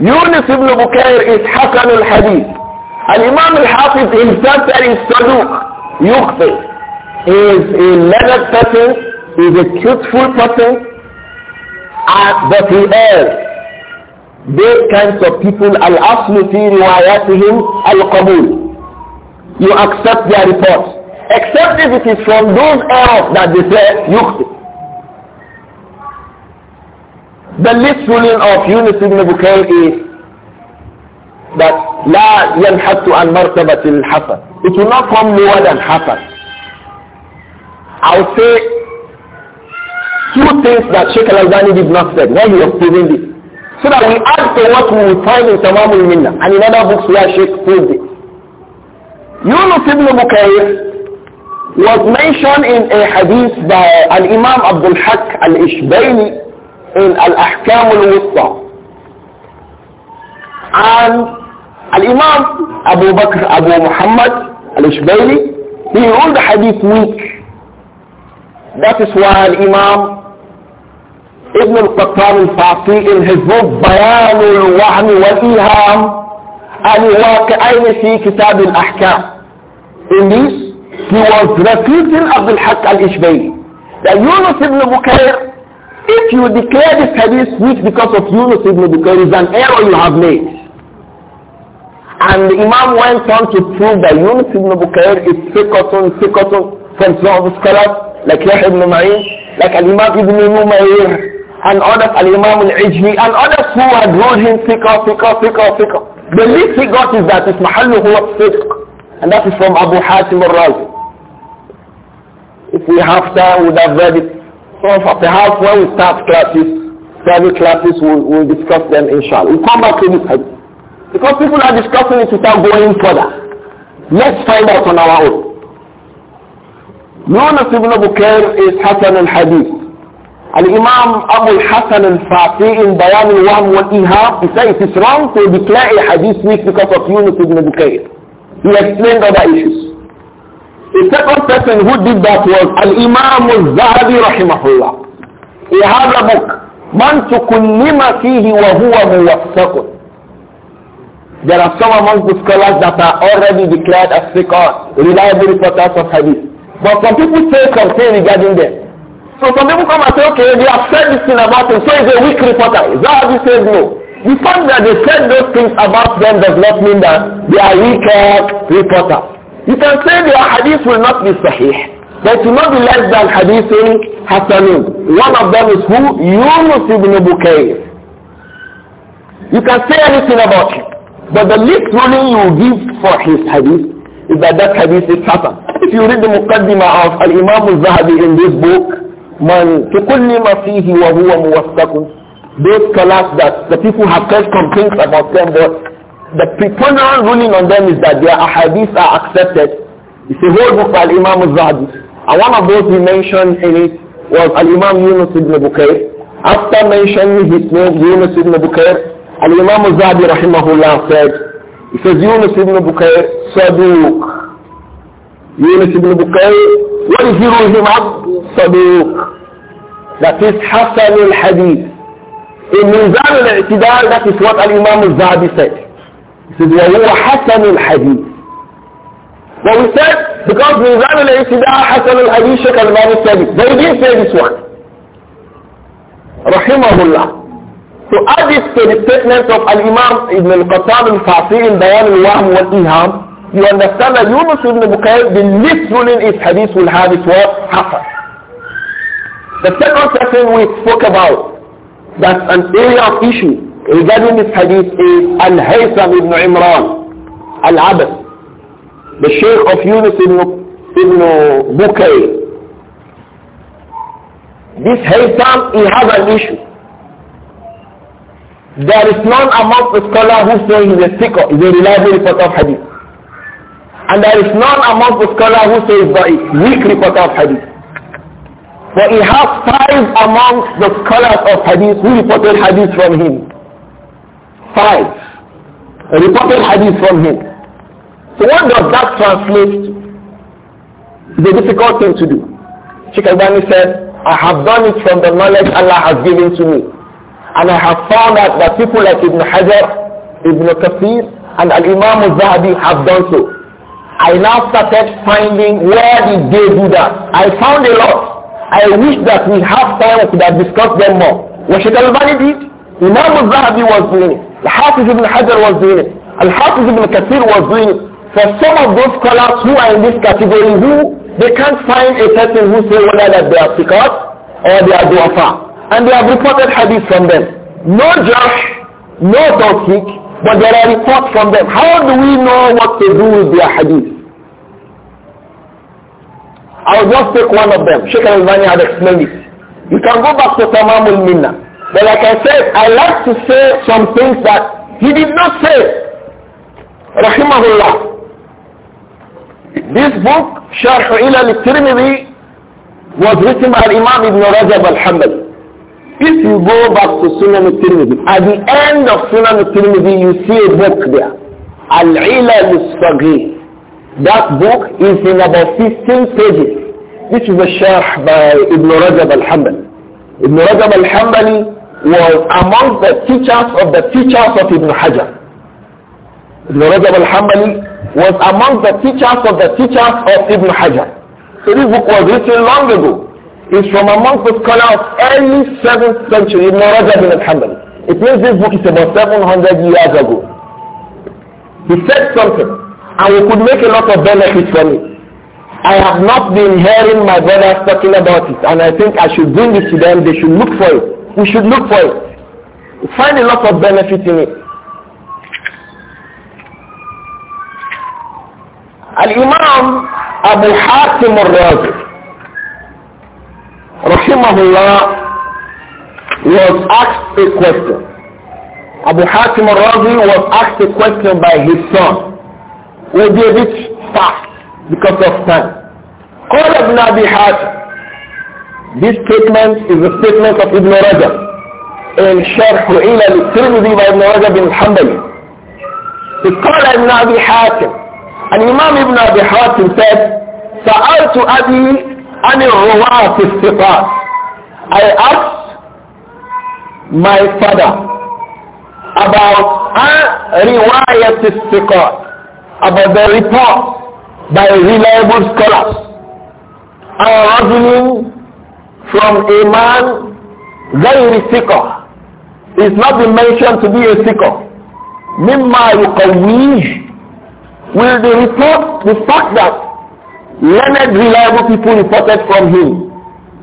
يونس بن بكير إذ حسن الحديث الإمام الحافظ إنسان ثاني الصدوق يخطئ is a leather person, is a truthful person, but he errs. Those kinds of people, al-aslu fi riwayatihim al-qabul. You accept their reports. Except if it is from those errors that they say, yukhti. The least ruling of Yunus ibn Bukhail is that لا ينحط عن مرتبة الحسن. It will not come lower than Hassan. I would say two things that Sheikh Al-Albani did not say when he was proving this. So that we add to what we will find in Tamamul Minna and in other books where Sheikh proved it. Yunus ibn Bukayr was mentioned in a hadith by Al-Imam Abdul Haq Al-Ishbayli in Al-Ahkam Al-Wusta. And Al-Imam Abu Bakr Abu Muhammad Al-Ishbayli, he ruled the hadith weak. That is why Al-Imam ابن القطان الفعطي الهزوب بيان الوهم والإيهام الواقعين في كتاب الأحكام In this, he was refuting Abdul Haq al-Ishbayi. That Yunus ibn Bukair, if you declare this hadith weak because of Yunus ibn Bukair, is an error you have made. And the Imam went on to prove that Yunus ibn Bukair is sikotun, sikotun from some of the scholars, like Yahya ibn Ma'in, like Al-Imam ibn Numayr, and others, Al-Imam Al-Ijmi, and others who had ruled him pick up, pick up. The least he got is that it's Mahallu huwa and that is from Abu Hatim al-Razi. If we have time, we would have read it. So perhaps when we start classes, study classes, we'll, we'll discuss them inshallah. We'll come back to this hadith. Because people are discussing it without going further. Let's find out on our own. Yunus ibn Bukair is Hassan al-Hadith. الامام ابو الحسن Hassan ان بيان الوهم والايهام في wahm wal-Ihab, he said it is wrong to declare a hadith He explained other issues. The second person who did that was الامام imam رحمه الله rahimahullah. He had a book, Man tukullima fihi wa huwa There are some among the scholars that are already declared as sikhs, reliable reporters of hadith. But some people say something regarding them. So some people come and say, okay, they have said this thing about him, so he's a weak reporter. Is that how you say no? The fact that they said those things about them does not mean that they are weak reporters. You can say their hadith will not be sahih. But it will not be less than hadith Hassanun. One of them is who? Yunus ibn Bukayr. You can say anything about him. But the least ruling you give for his hadith is that that hadith is Hassan. If you read the Muqaddimah of Al-Imam al-Zahabi in this book, man to kulli ma fihi wa huwa muwaffaqun those scholars that the people have some complaints about them but the preponderant ruling on them is that their ahadith are accepted it's a whole book by Imam Zahabi and one of those he mentioned in it was Al-Imam Yunus ibn Bukayr after mentioning his name Yunus ibn Bukayr Al-Imam Zahabi rahimahullah said he says Yunus ibn Bukayr Saduq يونس بن بكير ويزيرهم عبد صدوق That is Hassan al-Hadith. In Mizan al-I'tidal, that is what Al-Imam al-Zahabi said. He said, وَهُوَ حَسَنُ الْحَدِيثِ Well, we said, because Mizan al-I'tidal, Hassan al-Hadith, Sheikh al-Imam al-Sabi. They didn't say this one. Rahimahullah. To add this to the statement of Al-Imam Ibn al-Qattab al-Fasi in Bayan al-Wahm wal-Iham, you understand that Yunus ibn Bukayr, the least ruling is hadith will have its what? Hasan. The second section we spoke about, that an area of issue regarding this hadith is Al-Haytham ibn Imran, al abbas the Sheikh of Yunus ibn, ibn This Haytham, he has an issue. There is none among the scholars who say is a seeker, he's a reliable reporter of hadith. And there is none among the scholars who says that it's weak reporter of hadith. But he has five among the scholars of hadith who reported hadith from him. Five. Reported hadith from him. So what does that translate to? It's a difficult thing to do. Sheikh Albani said, I have done it from the knowledge Allah has given to me. And I have found out that people like Ibn Hajar, Ibn Kathir, and Al-Imam al-Zahabi have done so. I now started finding where did they do that. I found a lot. I wish that we have time to discuss them more. What Sheikh Al-Bani did, Imam al-Zahabi was doing it. Al-Hafiz ibn Hajar was doing it. Al-Hafiz ibn Kathir was doing it. For some of those scholars who are in this category who they can't find a person who say whether that they are sikat or they are duafa. And they have reported hadith from them. No Josh, no Tawfiq, But there are reports from them. How do we know what to do with their hadith? I'll just take one of them. Sheikh Al-Albani had explained it. You can go back to Tamam al-Minna. But like I said, I like to say some things that he did not say. Rahimahullah. This book, Sharh Ila al-Tirmidhi, was written by Imam Ibn Rajab al-Hambali. If you go back to Sunan al-Tirmidhi, at the end of Sunan al-Tirmidhi, you see a book there. Al-Ilal al That book is in about 15 pages. This is a sharh by Ibn Rajab al-Hanbali. Ibn Rajab al-Hanbali was among the teachers of the teachers of Ibn Hajar. Ibn Rajab al-Hanbali was among the teachers of the teachers of Ibn Hajar. So this book was written long ago is from monk the scholars of early 7th century, Ibn bin al It means this book is about 700 years ago. He said something, and we could make a lot of benefit from it. I have not been hearing my brothers talking about it, and I think I should bring this to them. They should look for it. We should look for it. find a lot of benefit in it. Al-Imam Abu Hatim al-Razi Rahimahullah was asked a question. Abu Hatim al-Razi was asked a question by his son. We a it fast because of time. قال ابن أبي حاتم This statement is a statement of Ibn Rajab in شرح al الترمذي by Ibn Rajab بن حنبل. قال ابن أبي And Imam Ibn أبي حاتم said سألت أبي عن الرواة الثقات I asked my father about riwayat al-thiqat about the report by reliable scholars and reasoning from a man غير ثقة is not been mentioned to be a ثقة مما يقويه will the report the fact that learned, reliable people reported from him.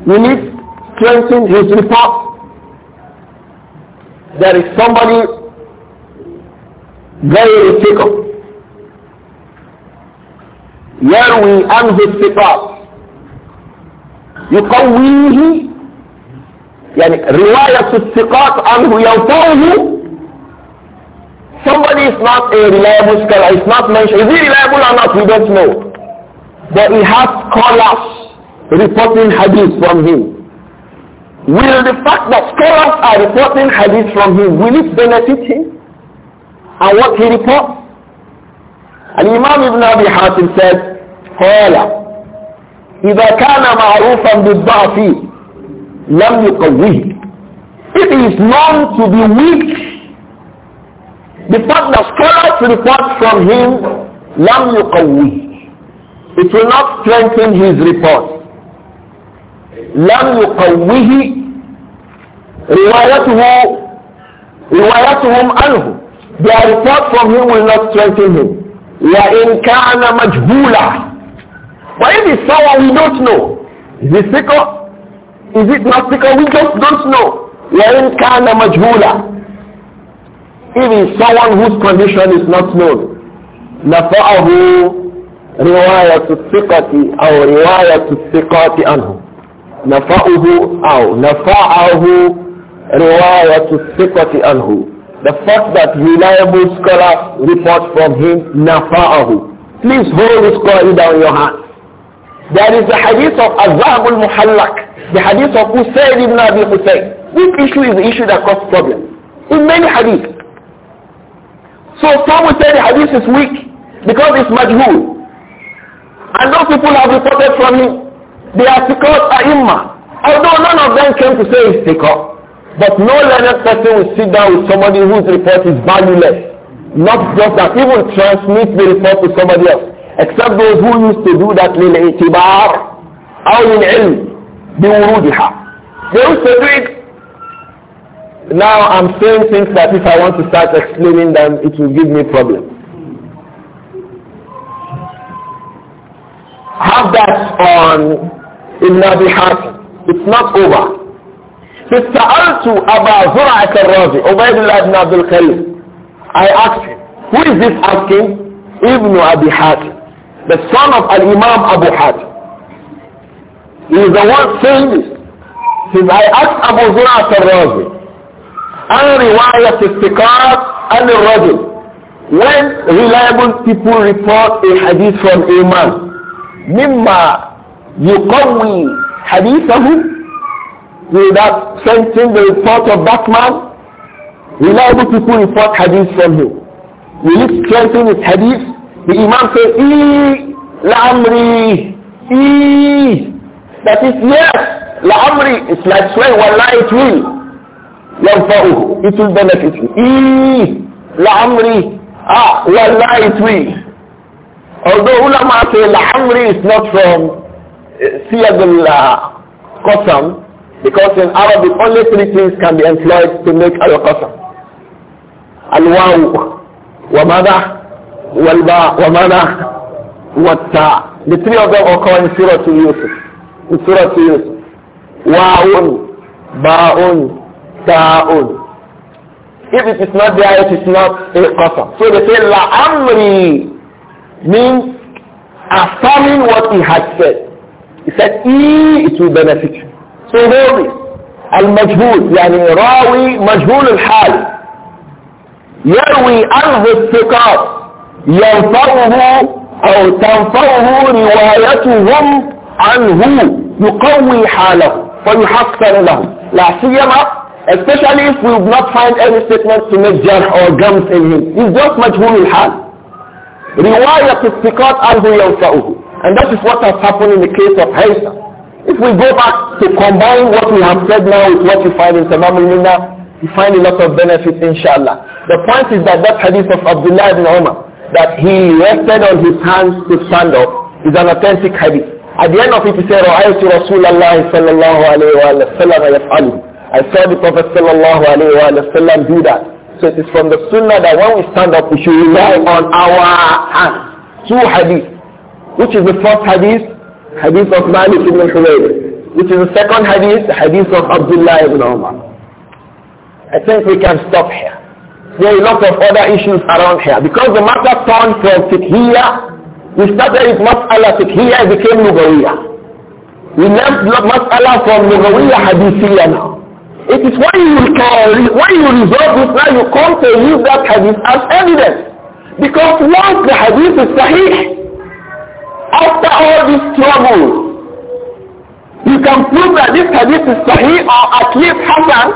We need strengthen his report. There is somebody very Where we we rely on his report and we الثقات عنه you somebody is not a reliable scholar is not mentioned is he reliable or not we don't know that he has scholars reporting hadith from him. Will the fact that scholars are reporting hadith from him, will it benefit him? And what he reports? And Imam Ibn Abi Hatim said, قال إذا كان معروفا بالضعف لم يقويه It is known to be weak. The fact that scholars report from him لم يقويه it will not strengthen his report. لم يقويه روايته روايتهم عنه Their report from him will not strengthen him. وإن كان مجهولا But if it's someone we don't know, is it sicko? Is it not sicko? We just don't know. وإن كان مجهولا If it's someone whose condition is not known, نفعه رواية الثقة أو رواية الثقات Anhu, نفعه أو Nafaahu رواية الثقة Anhu. The fact that reliable scholar reports from him Nafaahu. Please hold this Quran down your hand. There is the hadith of Azab al-Muhallak, the hadith of Usaid ibn Abi Hussein. Which issue is the issue that caused problem in many hadith. So some will say the hadith is weak because it's majhul. And those people have reported from him. They are called Aima. Although none of them came to say it's Sikot. But no learned person will sit down with somebody whose report is valueless. Not just that. He will transmit the report to somebody else. Except those who used to do that lil itibar أو للعلم بورودها. They used to do it now I'm saying things that if I want to start explaining them, it will give me problems. have that on Ibn Abi Hatim. It's not over. فَسْتَعَلْتُ أَبَا Al الرَّازِ عُبَيْدُ اللَّهِ بْنَ عَبْدُ الْخَلِيلِ I asked him, who is this asking? Ibn Abi Hatim, the son of Al-Imam Abu Hatim. He is the one saying this. He says, I asked Abu Zura al-Razi, عن رواية استقاط عن الرجل. When reliable people report a hadith from a man, mimma yuqawwi hadithahu without sensing the report of that man? will Reliable people report hadith from him. Will it strengthen his hadith? The Imam says, Ee, amri, ee. That is, yes, La amri It's like swear, wallah, it will. Yanfa'uhu. It will benefit you. Ee, amri, Ah, wallah, it will. Although ulama say Al-Amri is not from eh, Siyadul uh, Qasam, because in Arabic only three things can be employed to make Al-Qasam. Al-Waw, Wamada, Walba, Wamada, Watta. The three of them occur in Surah to Yusuf. In Surah to Yusuf. Wa'un, Ba'un, Ta'un. If it is not there, it is not a Qasam. So they say La Amri means affirming what he has said. He said, e, it will benefit you. So know this. Al-Majhul, yani Rawi Majhul al-Hal. Yarwi al-Hussikar. Yanfa'uhu or tanfa'uhu riwayatuhum anhu. Yuqawwi halahu. Fayuhaqsan lahu. La siyama, especially if we would not find any statement to make jah or gums in him. It's just Majhul al-Hal. رواية الثقات عنه ينفعه and that is what has happened in the case of Haisa if we go back to combine what we have said now with what you find in Tamam al you find a lot of benefits inshallah the point is that that hadith of Abdullah ibn Umar that he rested on his hands to stand up is an authentic hadith at the end of it he said رأيت رسول الله صلى الله عليه وسلم يفعله I saw the Prophet sallallahu alayhi wa sallam do that it is from the sunnah that when we stand up, we should rely on our hands. Two hadith. Which is the first hadith? Hadith of Malik ibn Humayr. Which is the second hadith? Hadith of Abdullah ibn Umar. I think we can stop here. There are a lot of other issues around here. Because the matter turned from fiqhiyah, we started with mas'ala fiqhiyah, it became lugawiyah. We left mas'ala from lugawiyah hadithiyah now. It is when you when you resolve this now you come to use that hadith as evidence. Because once the hadith is sahih, after all this trouble, you can prove that this hadith is sahih or at least Hassan,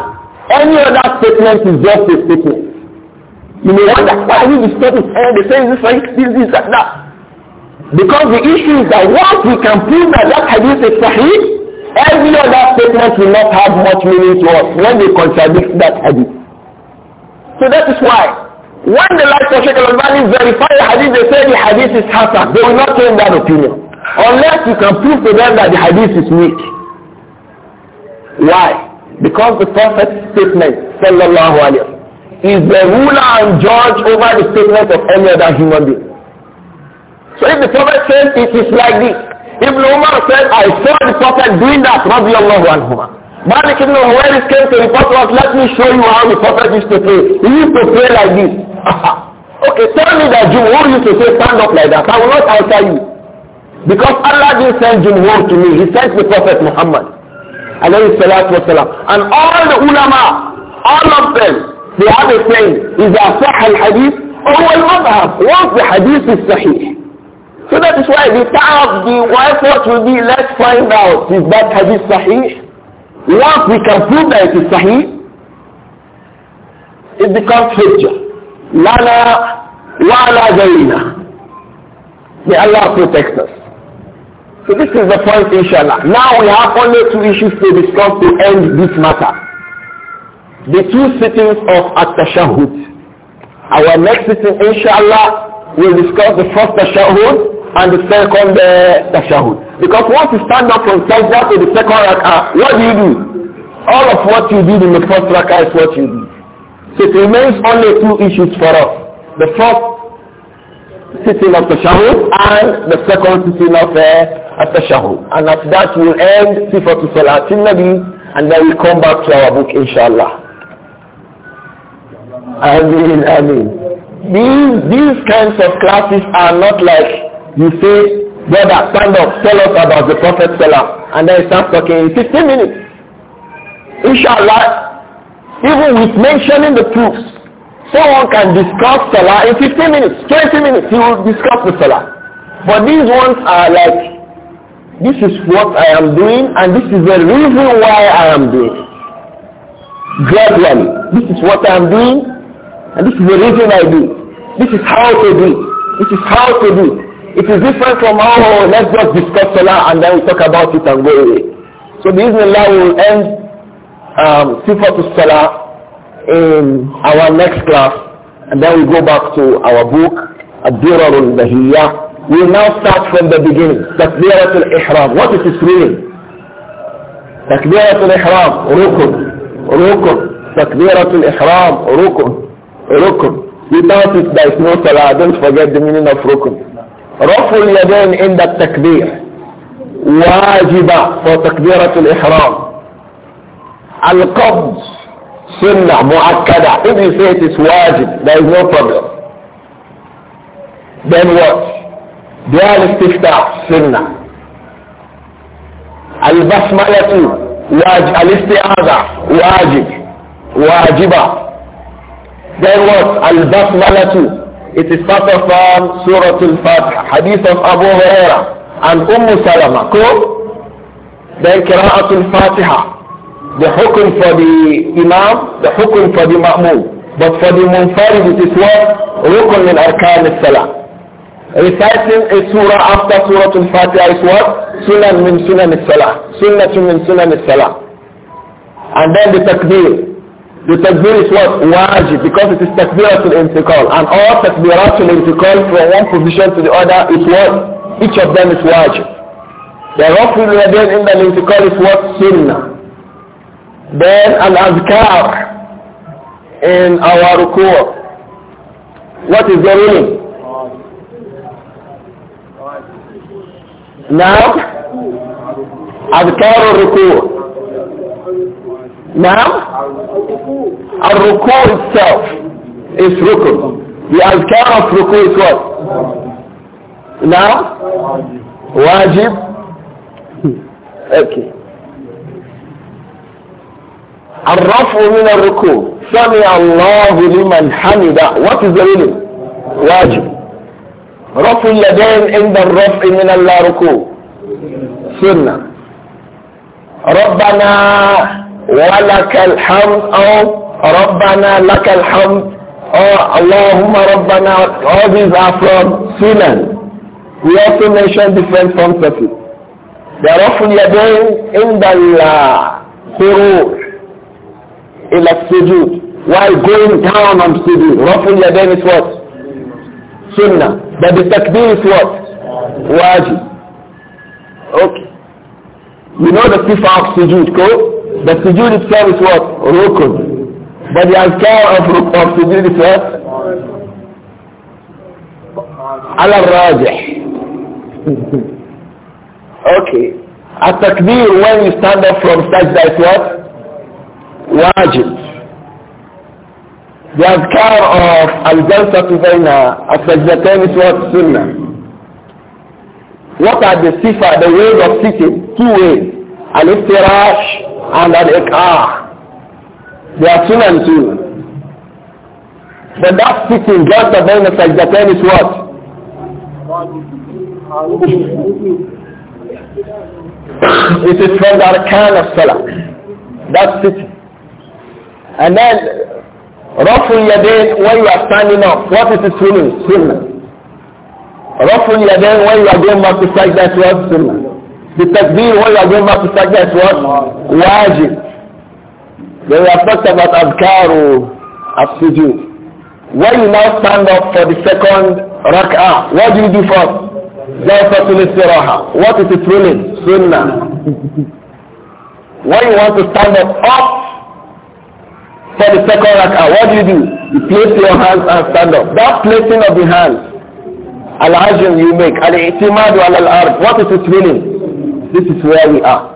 any other statement is just a statement. You may wonder, why we this statement? And they say this, right, this, this, that, that. Because the issue is that once we can prove that that hadith is sahih, Every other statement will not have much meaning to us when they contradict that hadith. So that is why, when the likes of Sheikh al-Albani verify the hadith, they say the hadith is hasan. They will not change that opinion. Unless you can prove to them that the hadith is weak. Why? Because the Prophet's statement, sallallahu alayhi wa is the ruler and judge over the statement of any other human being. So if the Prophet says it is like this, Ibn Umar said, I saw the Prophet doing that, radiallahu anhuma. Malik ibn Huwairis came to report to us, let me show you how the Prophet used to pray. He used to pray like this. okay, tell me that Jumhur used to say stand up like that. I will not answer you. Because Allah didn't send Jumhur to me. He sent the Prophet Muhammad. Alayhi salatu wasalam. And all the ulama, all of them, they have a saying, إذا صح الحديث فهو المذهب. Once the hadith is sahih, so that is why the power of the what will be let's find out is that hadith sahih. Once we can prove that it is sahih, it becomes hujjah. Lana wala zayna. May Allah protect us. So this is the point inshallah. Now we have only two issues to discuss to end this matter. The two sittings of At-Tashahud. Our next sitting inshallah will discuss the first Tashahud and the second uh, tashahud. Because once you stand up from first, to the second rak'ah, what do you do? All of what you did in the first rak'ah is what you do. So it remains only two issues for us. The first sitting of tashahud and the second sitting of uh, tashahud. And at that we'll end Sifatu Salatin Nabi and then we'll come back to our book inshallah. I mean, I mean, these, these kinds of classes are not like you say, brother, stand up, tell us about the Prophet Salah, And then start talking in 15 minutes. Inshallah, even with mentioning the proofs, someone can discuss Salah in 15 minutes, 20 minutes, he will discuss the Salah. But these ones are like, this is what I am doing and this is the reason why I am doing it. Gradually, this is what I am doing and this is the reason I do This is how to do This is how to do it is different from, oh, let's just discuss Salah and then we talk about it and go away. So Salah will end um, to Salah in our next class and then we go back to our book, Ad-Dirar al-Bahiyya. We now start from the beginning. Takbirat al-Ihram. What is its meaning? Takbirat al-Ihram, rukun, rukun. Takbirat al-Ihram, rukun, rukun. Without it there is no Salah. Don't forget the meaning of rukun. رفع اليدين عند التكبير واجبة وتكبيرة الإحرام القبض سنة مؤكدة if you واجب there is no problem then what دعاء سنة البسملة واجب الاستعاذة واجب واجبة then what البسملة it is part of um, Surah al Fatiha, hadith of Abu Huraira and Umm Salama. Cool? Then Qira'at Al-Fatiha, the hukum for the Imam, the hukum for the Ma'mum. But for the Munfarid, it is what? Rukun min Arkan Al-Salah. Reciting a surah after Surah Al-Fatiha is what? Sunan min Sunan Al-Salah. Sunnatun min Sunan Al-Salah. And then the takbir. The takbir is what? Wajib, because it is takbiratul intiqal. And all takbiratul intiqal from one position to the other is what? Each of them is wajib. The rafil yadain in the intiqal is what? Sunnah. Then al-azkar in our ruku'ah. What is the meaning? Now, azkar al-ruku'ah. Now, الركوع itself ايش ركوع The azkar of ruku نعم واجب اوكي الرفع من الركوع سمع الله لمن حمده what is واجب رفع اليدين عند الرفع من الركوع سنة ربنا ولك الحمد أو Rabbana lakal hamd or Allahumma Rabbana all these are from Sunan we also mentioned different forms of it they are often yadain indallah the khurur ila while going down on sujud raful yadain is what sunnah but the takbir is what wajib okay you know the sifa of sujud go? the sujud itself is what rukun But the azkar of, of to do this what? Ala rajih. okay. At takbir when you stand up from such that what? Wajib. The azkar of al-jalsatu bayna as-sajdatain is what? Sunnah. What are the sifa, the ways of sitting? Two ways. Al-iftirash and al-iqah. They are two and two. But that sitting just above the Sajdatain is what? it is from the Arkan of Salah. That's sitting. And then, Raful Yadain, when you are standing up, what is the swimming? Sunnah. Raful Yadain, when you are going back to Sajdatain, what? Sunnah. The Takbir, when you are going back to Sajdatain, what? Wajib. They were talked about Adkaru as sujood. When you now stand up for the second rak'ah, what do you do first? Jalsatul Istiraha. What is its ruling? Sunnah. when you want to stand up, up for the second rak'ah, what do you do? You place your hands and stand up. That placing of the hands, al-ajm you make, al-i'timadu al-ard, what is its ruling? This is where we are.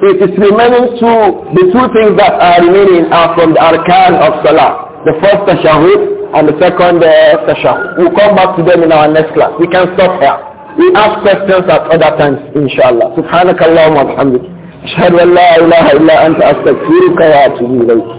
it is remaining two, the two things that are remaining are from the arkan of Salah. The first tashahud and the second uh, tashahud. We'll come back to them in our next class. We can stop here. We ask questions at other times, inshallah. Subhanakallahumma wa bihamdik. أشهد أن ilaha illa Anta أنت أستغفرك